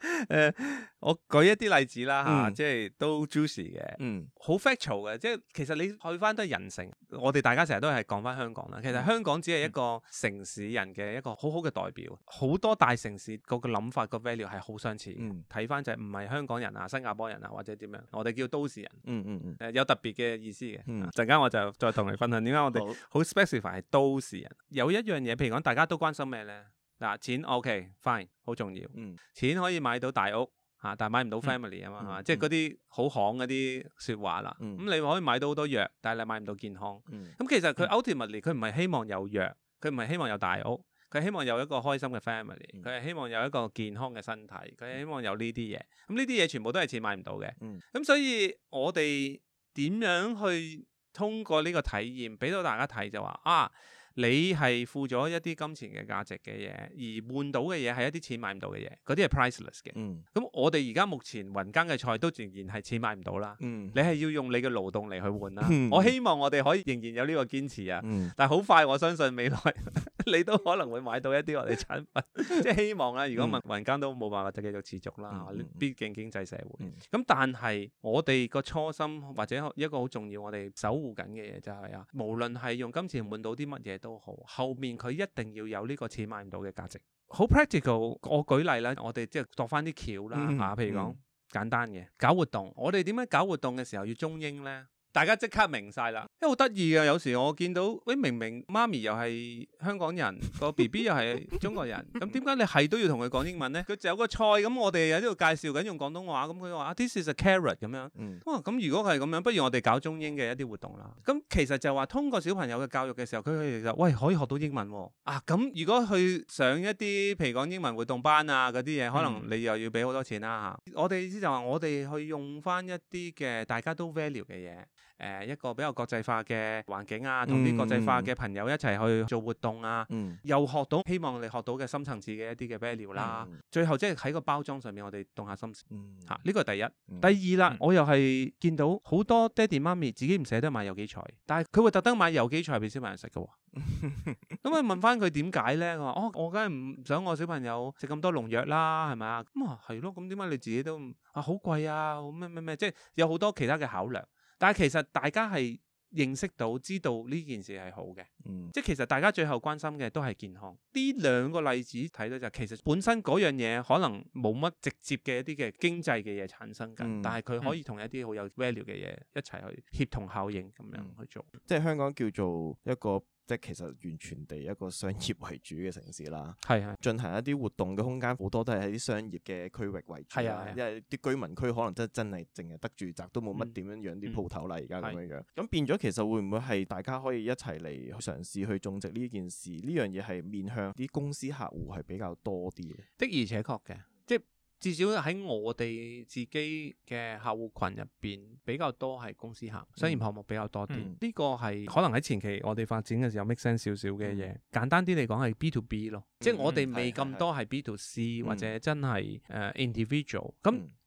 Speaker 2: 誒、 呃，我舉一啲例子啦吓，
Speaker 3: 即係都 juicy 嘅，嗯，好 factual 嘅，即係其實你去翻都係人性。我哋大家成日都係講翻香港啦，其實香港只係一個城市人嘅一個好好嘅代表，好多大城市嗰個諗法個 value 係好相似。嗯，睇翻就唔係香港人啊，新加坡人啊或者點樣，我哋叫都市人。嗯嗯嗯，誒、嗯呃、有特別嘅意思嘅。嗯，陣間、嗯、我就再同你分享點解我哋好 specify 係都市人。有一樣嘢，譬如講，大家都關心咩咧？嗱，錢 OK fine，好重要。嗯，錢可以買到大屋嚇、啊，但係買唔到 family、嗯、啊嘛，即係嗰啲好行嗰啲説話啦。咁、嗯嗯、你可以買到好多藥，但係你買唔到健康。咁、嗯嗯、其實佢 ultimately 佢唔係希望有藥，佢唔係希望有大屋，佢希望有一個開心嘅 family，佢係、嗯、希望有一個健康嘅身體，佢係、嗯、希望有呢啲嘢。咁呢啲嘢全部都係錢買唔到嘅。咁、嗯嗯、所以我哋點樣去通過呢個體驗，俾到大家睇就話啊～你係付咗一啲金錢嘅價值嘅嘢，而換到嘅嘢係一啲錢買唔到嘅嘢，嗰啲係 priceless 嘅。咁、嗯、我哋而家目前雲耕嘅菜都仍然係錢買唔到啦。嗯、你係要用你嘅勞動嚟去換啦。嗯、我希望我哋可以仍然有呢個堅持啊。嗯、但係好快我相信未來 你都可能會買到一啲我哋產品。即 係希望啊，如果問雲耕都冇辦法再繼續持續啦。畢竟、嗯嗯、經濟社會。咁、嗯嗯嗯、但係我哋個初心或者一個好重要，我哋守護緊嘅嘢就係、是、啊，無論係用金錢換到啲乜嘢，都好，後面佢一定要有呢個錢買唔到嘅價值。好 practical，我舉例啦，我哋即係度翻啲橋啦吓，嗯、譬如講、嗯、簡單嘅搞活動，我哋點樣搞活動嘅時候要中英咧？大家即刻明晒啦，因為好得意啊。有時我見到，喂、欸、明明媽咪又係香港人，個 B B 又係中國人，咁點解你係都要同佢講英文呢？佢就有個菜咁、嗯，我哋喺度介紹緊用廣東話，咁佢話：This is a carrot 咁樣。哇、嗯，咁、啊嗯、如果係咁樣，不如我哋搞中英嘅一啲活動啦。咁、嗯啊、其實就話通過小朋友嘅教育嘅時候，佢其實喂可以學到英文喎、哦。啊，咁、嗯、如果去上一啲譬如講英文活動班啊嗰啲嘢，可能你又要俾好多錢啦、啊、嚇。嗯、我哋意思就話，我哋去用翻一啲嘅大家都 value 嘅嘢。誒，一個比較國際化嘅環境啊，同啲國際化嘅朋友一齊去做活動啊，嗯、又學到希望我哋學到嘅深層次嘅一啲嘅 value 啦。嗯、最後即係喺個包裝上面，我哋動下心思吓、嗯，呢個係第一。第二啦，嗯、我又係見到好多爹哋媽咪自己唔捨得買有機菜，但係佢會特登買有機菜俾小朋友食嘅。咁 啊， 問翻佢點解咧？佢話：哦，我梗係唔想我小朋友食咁多農藥啦，係咪？咁啊，係咯，咁點解你自己都啊好貴啊？咩咩咩？即係、就是、有好多其他嘅考量。但係其實大家係認識到、知道呢件事係好嘅，嗯、即係其實大家最後關心嘅都係健康。呢兩個例子睇到就其實本身嗰樣嘢可能冇乜直接嘅一啲嘅經濟嘅嘢產生緊，嗯、但係佢可以同一啲好有 value 嘅嘢一齊去協同效應咁樣去做，嗯嗯、
Speaker 2: 即係香港叫做一個。即係其實完全地一個商業為主嘅城市啦，係係的進行一啲活動嘅空間好多都係喺啲商業嘅區域為主，係啊的，因為啲居民區可能真係真係淨係得住宅，都冇乜點樣養啲鋪頭啦，而家咁樣樣，咁的變咗其實會唔會係大家可以一齊嚟嘗試去種植呢件事？呢樣嘢係面向啲公司客戶係比較多啲嘅，的而且確嘅，
Speaker 3: 即至少喺我哋自己嘅客戶群入邊比較多係公司客，商業項目比較多啲。呢、嗯、個係可能喺前期我哋發展嘅時候 make sense 少少嘅嘢。簡單啲嚟講係 B to B 咯，嗯、即係我哋未咁多係 B to C、嗯、或者真係誒 individual。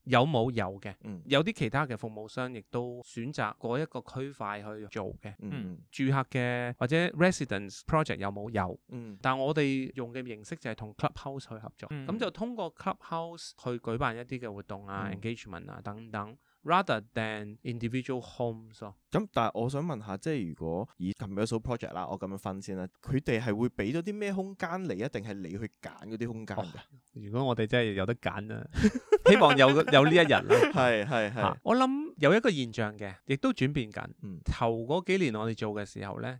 Speaker 3: 有冇有嘅？嗯、有啲其他嘅服務商亦都選擇嗰一個區塊去做嘅。嗯、住客嘅或者 residence project 有冇有，有？嗯、但我哋用嘅形式就係同 clubhouse 去合作，咁、嗯、就通過 clubhouse 去舉辦一啲嘅活動啊、嗯、engagement 啊等等。rather than individual homes 咯。
Speaker 2: 咁但係我想問下，即係如果以 commercial project 啦，我咁樣分先啦，佢哋係會俾咗啲咩空間嚟，一定係你去揀嗰啲空間噶、啊？如果我哋真係有得揀啊， 希望有有呢一日啦。係係
Speaker 3: 係。我諗有一個現象嘅，亦都轉變緊。頭嗰、嗯、幾年我哋做嘅時候呢，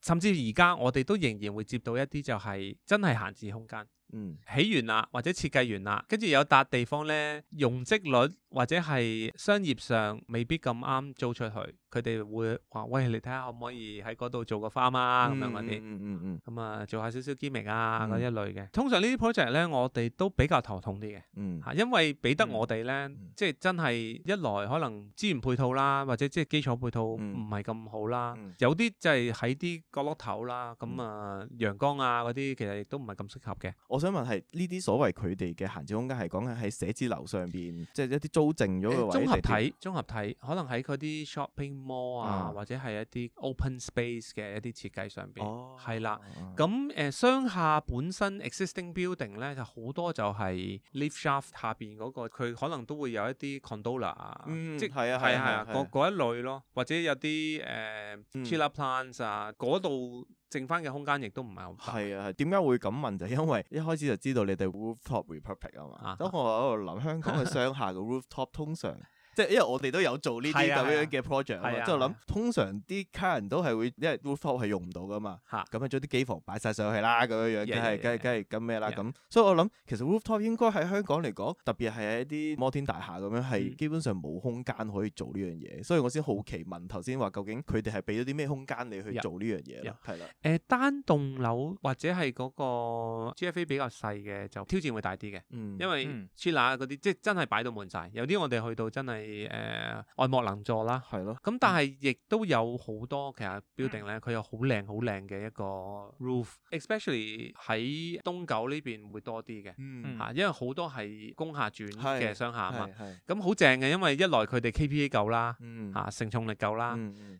Speaker 3: 甚至而家我哋都仍然會接到一啲就係真係閒置空間。嗯，起完啦，或者設計完啦，跟住有笪地方咧，容積率或者係商業上未必咁啱租出去。佢哋會話喂，你睇下可唔可以喺嗰度做個 farm 啊，咁樣嗰啲，咁啊做下少少 gimmick 啊嗰一類嘅。通常呢啲 project 咧，我哋都比較頭痛啲嘅，嚇，因為俾得我哋咧，即係真係一來可能資源配套啦，或者即係基礎配套唔係咁好啦，有啲即係喺啲角落頭啦，咁啊陽光啊嗰啲，其實亦都唔係咁適合嘅。
Speaker 2: 我想問，係呢啲所謂佢哋嘅閒置空間係講緊喺寫字樓上邊，即係一啲租剩咗嘅綜合體，
Speaker 3: 綜合體可能喺嗰啲 shopping。摩啊，或者係一啲 open space 嘅一啲設計上邊，係啦。咁誒，商廈本身 existing building 咧就好多就係 lift shaft 下邊嗰個，佢可能都會有一啲 condoler 啊，即係係啊，嗰嗰一類咯，或者有啲誒 chiller plants 啊，嗰度剩翻嘅空間亦都唔係好大。係啊，
Speaker 2: 係點解會咁問就係因為一開始就知道你哋 Rooftop Republic 啊嘛。當我喺度諗香港嘅商廈嘅 rooftop 通常。即係因為我哋都有做呢啲咁樣嘅 project 啊，即係我諗通常啲客人都係會因為 roof top 係用唔到㗎嘛，嚇咁啊將啲機房擺晒上去啦，咁樣樣嘅係，梗係梗係咁咩啦咁，所以我諗其實 roof top 應該喺香港嚟講，特別係喺啲摩天大廈咁樣係基本上冇空間可以做呢樣嘢，所以我先好奇問頭先話究竟佢哋係俾咗啲咩空間你去做呢樣嘢啦，係啦，誒單棟樓
Speaker 3: 或者係嗰個 GFA 比較細嘅就挑戰會大啲嘅，因為 chiller 嗰啲即係真係擺到滿晒。有啲我哋去到真係。係誒愛莫能助啦，係咯。咁但係亦都有好多其實 building 咧，佢有好靚好靚嘅一個 roof，especially 喺東九呢邊會多啲嘅。嗯嚇，因為好多係工廈轉嘅商廈啊嘛，係咁好正嘅，因為一來佢哋 KPA 夠啦，嗯嚇，承重力夠啦，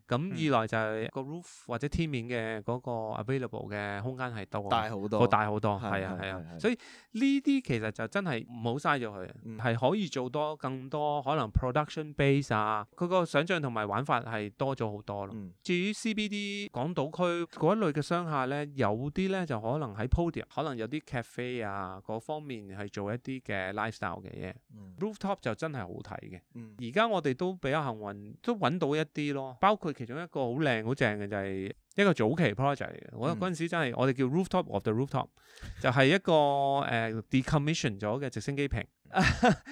Speaker 3: 咁二來就係個 roof 或者天面嘅嗰個 available 嘅空間係多大好多，好大好多，係啊係啊，所以呢啲其實就真係唔好嘥咗佢，係可以做多更多可能 pro Production base 啊，佢個想象同埋玩法係多咗好多咯。嗯、至於 CBD 港島區嗰一類嘅商客咧，有啲咧就可能喺 podium，可能有啲 cafe 啊，嗰方面係做一啲嘅 lifestyle 嘅嘢。嗯、rooftop 就真係好睇嘅。而家、嗯、我哋都比較幸運，都揾到一啲咯。包括其中一個好靚好正嘅就係、是。一個早期 project 嚟嘅，我嗰陣時真係我哋叫 rooftop of the rooftop，就係一個誒 decommission 咗嘅直升機坪，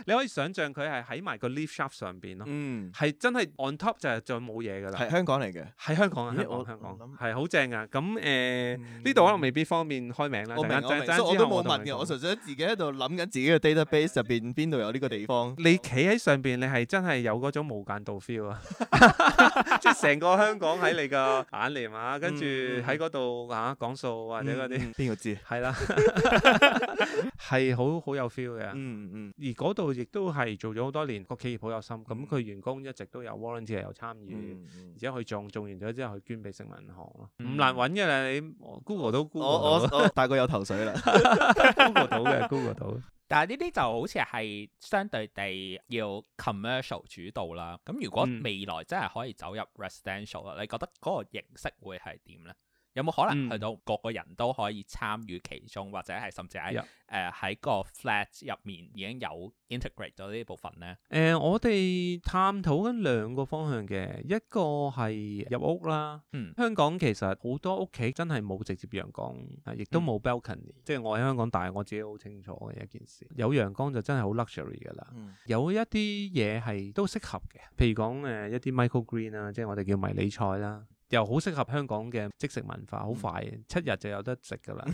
Speaker 3: 你可以想象佢係喺埋個 lift shaft 上邊咯，嗯，係真係 on top 就係再冇嘢㗎啦，係香港嚟嘅，喺香港啊，香港，係好正㗎，咁誒呢度可能未必方便開名啦，我名我名，所以我都冇問嘅，我
Speaker 2: 純粹自己喺度諗緊自己嘅 database 入邊邊度有呢個地方，你企喺上邊，你係真係有嗰種無間道 feel 啊，
Speaker 3: 即係成個香港喺你個眼簾啊！跟住喺嗰度嚇講數或者嗰啲、嗯，邊個知？係啦， 係好好有 feel 嘅、嗯。嗯嗯，而嗰度亦都係做咗好多年，個企業好有心。咁佢、嗯嗯嗯、員工一直都有 volunteer 有參與，嗯嗯、而且佢種種完咗之後去，佢捐俾食物銀行咯。唔難揾嘅，你 Google 到，Google。我，了我，我大概有頭水啦。 Google 到嘅，Google 到。
Speaker 1: 但係呢啲就好似係相對地要 commercial 主導啦。咁如果未來真係可以走入 residential，嗯，你覺得嗰個形式會係點呢？有冇可能去到個個人都可以參與其中，或者係甚至喺誒喺個 flat 入面已經有 integrate 咗呢部分咧？
Speaker 3: 誒、呃，我哋探討緊兩個方向嘅，一個係入屋啦。嗯，香港其實好多屋企真係冇直接陽光，亦都冇 balcony，即係我喺香港大，我自己好清楚嘅一件事。有陽光就真係好 luxury 噶啦。嗯、有一啲嘢係都適合嘅，譬如講誒、呃、一啲 microgreen 啊，即係我哋叫迷你菜啦。又好適合香港嘅即食文化，好快，七日就有得食噶啦。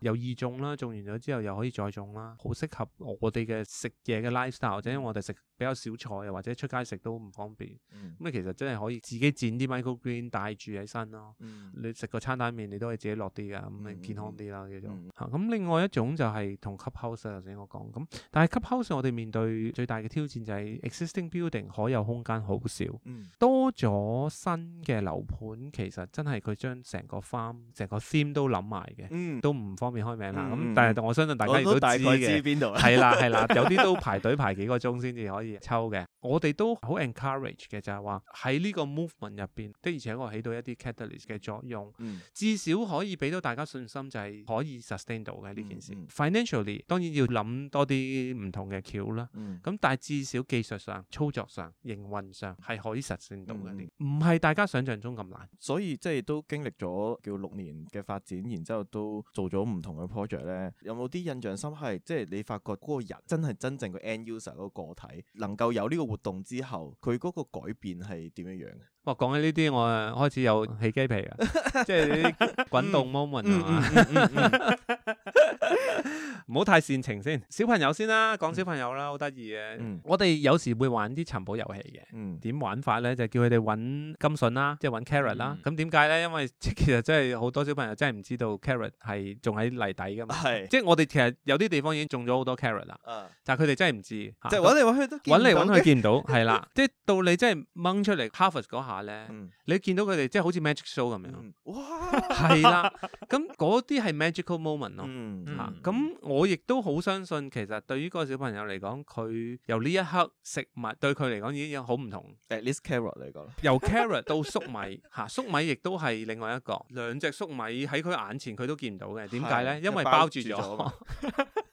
Speaker 3: 又易種啦，種完咗之後又可以再種啦，好適合我哋嘅食嘢嘅 lifestyle，或者因為我哋食比較少菜，或者出街食都唔方便。咁你其實真係可以自己剪啲 microgreen 帶住喺身咯。你食個餐蛋麵，你都可以自己落啲㗎，咁咪健康啲啦。叫做吓。咁另外一種就係同 clubhouse 頭先我講咁，但係 clubhouse 我哋面對最大嘅挑戰就係 existing building 可有空間好少，多咗新嘅樓。盤其實真係佢將成個 farm、成個 team 都諗埋嘅，都唔方便開名啦。咁但係我相信大家都知邊度，係啦係啦，有啲都排隊排幾個鐘先至可以抽嘅。我哋都好 encourage 嘅，就係話喺呢個 movement 入邊的而且確起到一啲 catalyst 嘅作用，至少可以俾到大家信心，就係可以 sustain 到嘅呢件事。Financially 當然要諗多啲唔同嘅橋啦，咁但係至少技術上、操作上、營運上係可以實現到嘅。唔係大家想象中。咁難，
Speaker 2: 所以即係都經歷咗叫六年嘅發展，然之後都做咗唔同嘅 project 咧，有冇啲印象深刻？即係你發覺嗰個人真係真正個 end user 嗰個個體，能夠有呢個活動之後，佢嗰個改變係點樣樣？
Speaker 3: 哇！講起呢啲，我開始有起雞皮啊， 即係啲滾動 moment 啊！唔好太煽情先，小朋友先啦，講小朋友啦，好得意嘅。我哋有時會玩啲尋寶遊戲嘅。嗯，點玩法咧，就叫佢哋搵金筍啦，即係搵 carrot 啦。咁點解咧？因為其實真係好多小朋友真係唔知道 carrot 係仲喺泥底噶嘛。即係我哋其實有啲地方已經種咗好多 carrot 啦。但係佢哋真係唔知。就搵嚟搵去都搵嚟搵去見唔到，係啦。即係到你真係掹出嚟 harvest 嗰下咧，你見到佢哋即係好似 magic show 咁樣。哇，係啦，咁嗰啲係 magical moment 咯。咁我。我亦都好相信，其實對於個小朋友嚟講，佢由呢一刻食物對佢嚟講已經有好唔同。At least carrot 嚟講，由 carrot 到粟米吓、 啊，粟米亦都係另外一個。兩隻粟米喺佢眼前，佢都見唔到嘅。點解呢？因為包住咗。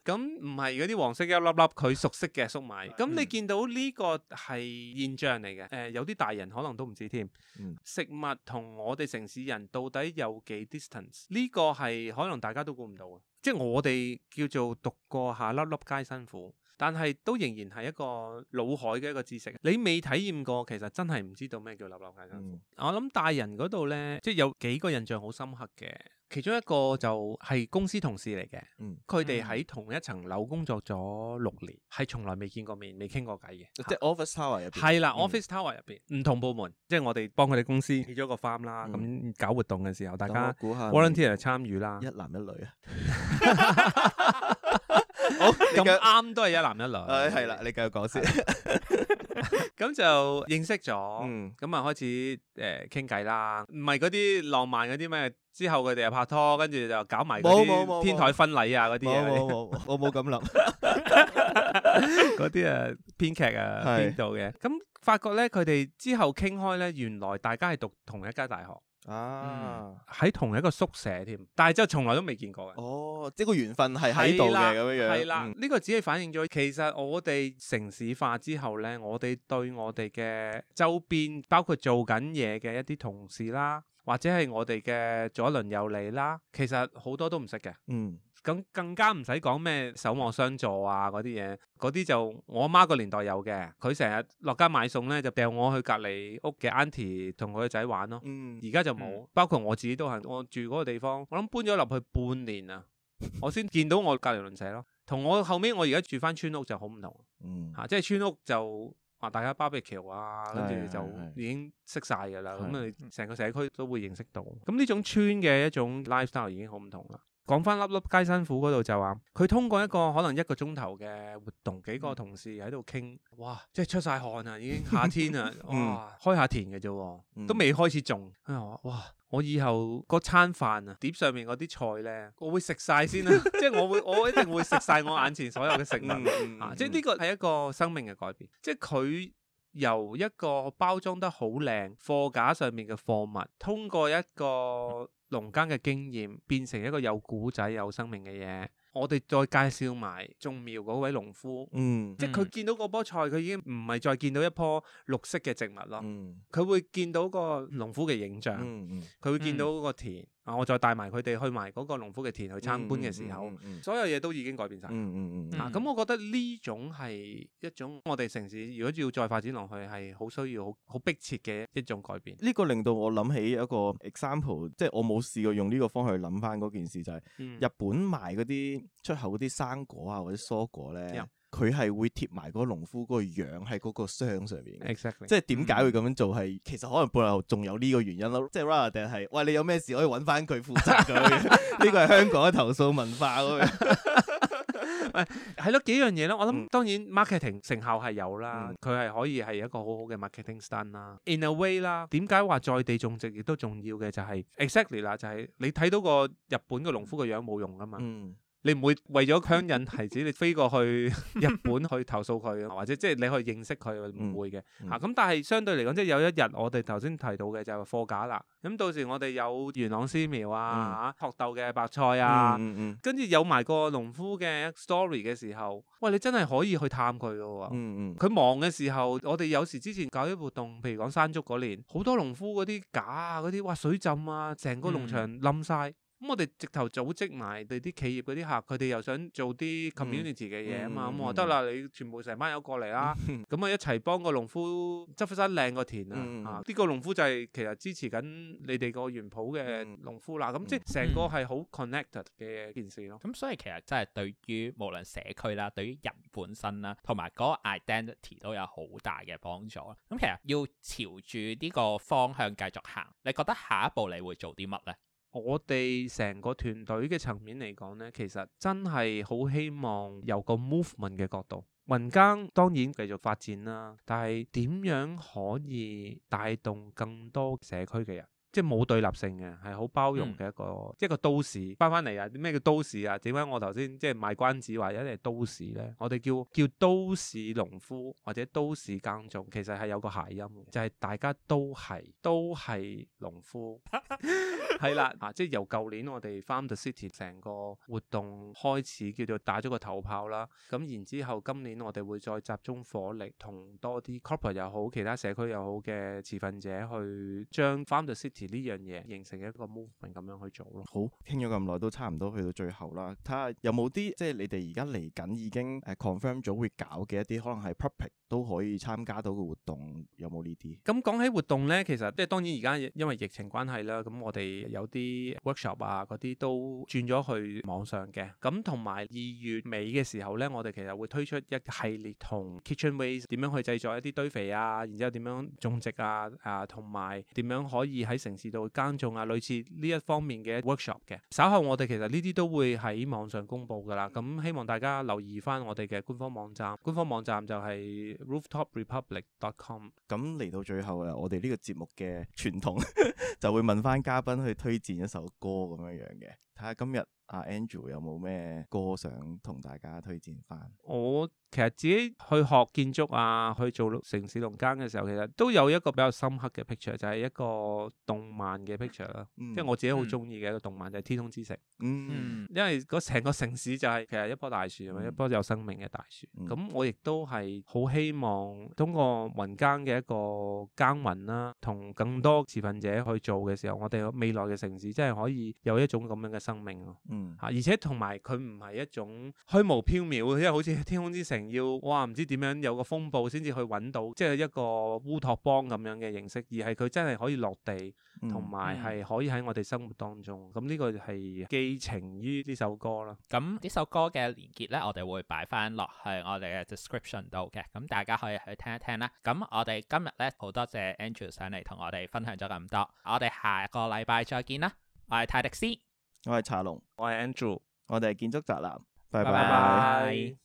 Speaker 3: 咁唔係嗰啲黃色一粒粒佢熟悉嘅粟米。咁 你見到呢個係現象嚟嘅。誒、呃，有啲大人可能都唔知添。 食物同我哋城市人到底有幾 distance？呢個係可能大家都估唔到。即係我哋叫做讀過下粒粒皆辛苦，但係都仍然係一個腦海嘅一個知識。你未體驗過，其實真係唔知道咩叫粒粒皆辛苦。嗯。我諗大人嗰度咧，即係有幾個印象好深刻嘅。其中一個就係公司同事嚟嘅，佢哋喺同一層樓工作咗六年，係從、嗯、來未見過面、未傾過偈嘅。即係 Off 的、嗯、office tower 入邊，係啦，office tower 入邊唔同部門，即係我哋幫佢哋公司起咗個 farm 啦、嗯。咁搞活動嘅時候，大家 volunteer 參與啦，一男一女啊。 好咁啱都係一男一女，係啦，啊，你繼續講先。咁 就認識咗，嗯，咁啊開始誒傾偈啦，唔係嗰啲浪漫嗰啲咩？之後佢哋又拍拖，跟住就搞埋啲天台婚禮啊嗰啲嘢。冇冇冇，
Speaker 2: 我冇咁諗。嗰啲啊，編劇啊，編到嘅。咁
Speaker 3: 發覺咧，佢哋之後傾開咧，原來大家係讀同一間大學。啊，喺、嗯、同一個宿舍添，但係之後從來都未見過嘅。哦，即係個緣分係喺度嘅咁樣樣。係啦的，呢、嗯、個只係反映咗，其實我哋城市化之後咧，我哋對我哋嘅周邊，包括做緊嘢嘅一啲同事啦。或者係我哋嘅左鄰右里啦，其實好多都唔識嘅。嗯，咁更、更加唔使講咩守望相助啊嗰啲嘢，嗰啲就我阿媽個年代有嘅，佢成日落街買餸咧就掉我去隔離屋嘅 auntie 同佢個仔玩咯。嗯，而家就冇，嗯、包括我自己都係我住嗰個地方，我諗搬咗落去半年啊，我先見到我隔離鄰舍咯。同我後尾我而家住翻村屋就好唔同。嗯，啊、即係村屋就。話大家 barbecue 啊，跟住是就已經識晒㗎啦。咁是你成個社區都會認識到。咁呢是是、嗯、種村嘅一種 lifestyle 已經好唔同啦。講翻粒粒皆辛苦嗰度就話，佢通過一個可能一個鐘頭嘅活動，幾個同事喺度傾，嗯、哇，即係出晒汗啊，已經夏天啊，哇，嗯、開下田嘅啫，嗯、都未開始種。跟住我話，哇，我以後嗰餐飯啊，碟上面嗰啲菜呢，我會食晒先啦，啊， 即係我會，我一定會食晒我眼前所有嘅食物，嗯嗯、啊，嗯、即係呢個係一個生命嘅改變，即係佢由一個包裝得好靚貨架上面嘅貨物，通過一個。農耕嘅經驗變成一個有古仔、有生命嘅嘢，我哋再介紹埋種苗嗰位農夫，嗯，即係佢見到嗰棵菜，佢已經唔係再見到一棵綠色嘅植物咯，佢、嗯、會見到個農夫嘅影像，佢、嗯嗯、會見到嗰個田。嗯。田。啊！我再帶埋佢哋去埋嗰個農夫嘅田去參觀嘅時候，嗯嗯嗯、所有嘢都已經改變晒。嗯嗯嗯、啊！咁我覺得呢種係一種我哋城市如果要再發展落去，係好需要好好迫切嘅一種改變。
Speaker 2: 呢、嗯嗯、個令到我諗起一個 example，即係我冇試過用呢個方法去諗翻嗰件事，就係、是、日本賣嗰啲出口嗰啲生果啊或者蔬果咧。嗯嗯佢係會貼埋嗰農夫嗰個樣喺嗰個箱上面嘅，Exactly. 即係點解會咁樣做係、嗯、其實可能背後仲有呢個原因咯，即係 rather 係喂，你有咩事可以揾翻佢負責，咁呢個係香港嘅投訴文化咁樣，
Speaker 3: 係咯，幾樣嘢咯，我諗當然 marketing 成效係有啦，佢係、嗯、可以係一個好好嘅 marketing stunt 啦，in a way 啦，點解話在地種植亦都重要嘅就係、是、exactly 啦，就係、是、你睇到個日本嘅農夫嘅樣冇用噶嘛。嗯你唔會為咗強引孩子，你飛過去日本去投訴佢，或者即係你去認識佢唔會嘅。嗯嗯、啊，咁但係相對嚟講，即、就、係、是、有一日我哋頭先提到嘅就係貨架啦。咁、嗯、到時我哋有元朗絲苗啊、嗯、啊鶴藪嘅白菜啊，跟住、嗯嗯嗯、有埋個農夫嘅 story 嘅時候，喂，你真係可以去探佢嘅喎。佢、嗯嗯嗯、忙嘅時候，我哋有時之前搞啲活動，譬如講山竹嗰年，好多農夫嗰啲架啊、嗰啲哇水浸啊，成個農場冧晒。咁我哋直頭組織埋哋啲企業嗰啲客，佢哋又想做啲 community 嘅嘢啊嘛，咁啊，得啦，嗯嗯、你全部成班友過嚟啦。咁啊、嗯嗯、一齊幫個農夫執翻靚個田，嗯、啊、呢、這個農夫就係其實支持緊你哋、嗯、個園圃嘅
Speaker 1: 農夫啦，咁即係成個係好 connected 嘅件事咯。咁、嗯、所以其實真係對於無論社區啦，對於人本身啦，同埋嗰個 identity 都有好大嘅幫助。咁其實要朝住呢個方向繼續行，你覺得下一步你會做啲乜咧？
Speaker 3: 我哋成個團隊嘅層面嚟講呢，其實真係好希望有個 movement 嘅角度，民間當然繼續發展啦，但係點樣可以帶動更多社區嘅人？即係冇對立性嘅，係好包容嘅一個，即係、嗯、個都市翻返嚟啊！咩叫都市啊？點解我頭先即係賣關子話一啲係都市咧，我哋叫叫都市農夫或者都市耕種，其實係有個諧音，就係、是、大家都係都係農夫，係 啦 啊！即係由舊年我哋 Farm the City 成個活動開始叫做打咗個頭炮啦，咁然之後今年我哋會再集中火力同多啲 Corporate 又好，其他社區又好嘅持份者去將 Farm the City。呢樣嘢形成一個 movement 咁樣去做
Speaker 2: 咯。好，傾咗咁耐都差唔多去到最後啦，睇下有冇啲即係你哋而家嚟緊已經誒 confirm 咗會搞嘅一啲可能係 public 都可以參加到嘅活動有冇呢啲？
Speaker 3: 咁、嗯、講起活動咧，其實即係當然而家因為疫情關係啦，咁我哋有啲 workshop 啊啲都轉咗去網上嘅。咁同埋二月尾嘅時候咧，我哋其實會推出一系列同 kitchen waste 點樣去製作一啲堆肥啊，然之後點樣種植啊，啊同埋點樣可以喺成平時都會耕種啊，類似呢一方面嘅 workshop 嘅。稍後我哋其實呢啲都會喺網上公布噶啦，咁希望大家留意翻我哋嘅官方網站。官方網站就係 rooftoprepublic dot com。
Speaker 2: 咁嚟到最後啊，我哋呢個節目嘅傳統 就會問翻嘉賓去推薦一首歌咁樣樣嘅，睇下今日。阿 Andrew 有冇咩歌想同大家推薦翻？
Speaker 3: 我其實自己去學建築啊，去做城市農耕嘅時候，其實都有一個比較深刻嘅 picture，就係一個動漫嘅 picture 啦。即係、嗯、我自己好中意嘅一個動漫就係、是《天空之城》嗯，嗯，因為成個城市就係其實一棵大樹，嗯、一棵有生命嘅大樹。咁、嗯、我亦都係好希望通過民間嘅一個耕耘啦，同更多持份者去做嘅時候，我哋未來嘅城市真係可以有一種咁樣嘅生命。嗯，而且同埋佢唔係一種虛無縹緲，因為好似《天空之城》要哇，唔知點樣有個風暴先至去搵到，即係一個烏托邦咁樣嘅形式，而係佢真係可以落地，同埋係可以喺我哋生活當中。咁呢、嗯、個係寄情於呢首歌啦。
Speaker 1: 咁呢首歌嘅連結呢，我哋會擺翻落去我哋嘅 description 度嘅，咁大家可以去聽一聽啦。咁我哋今日呢，好多謝 Angela 上嚟同我哋分享咗咁多，我哋下個禮拜再見啦。我係泰迪斯。
Speaker 2: 我係茶龍，我係 Andrew，我哋係建築宅男，拜拜。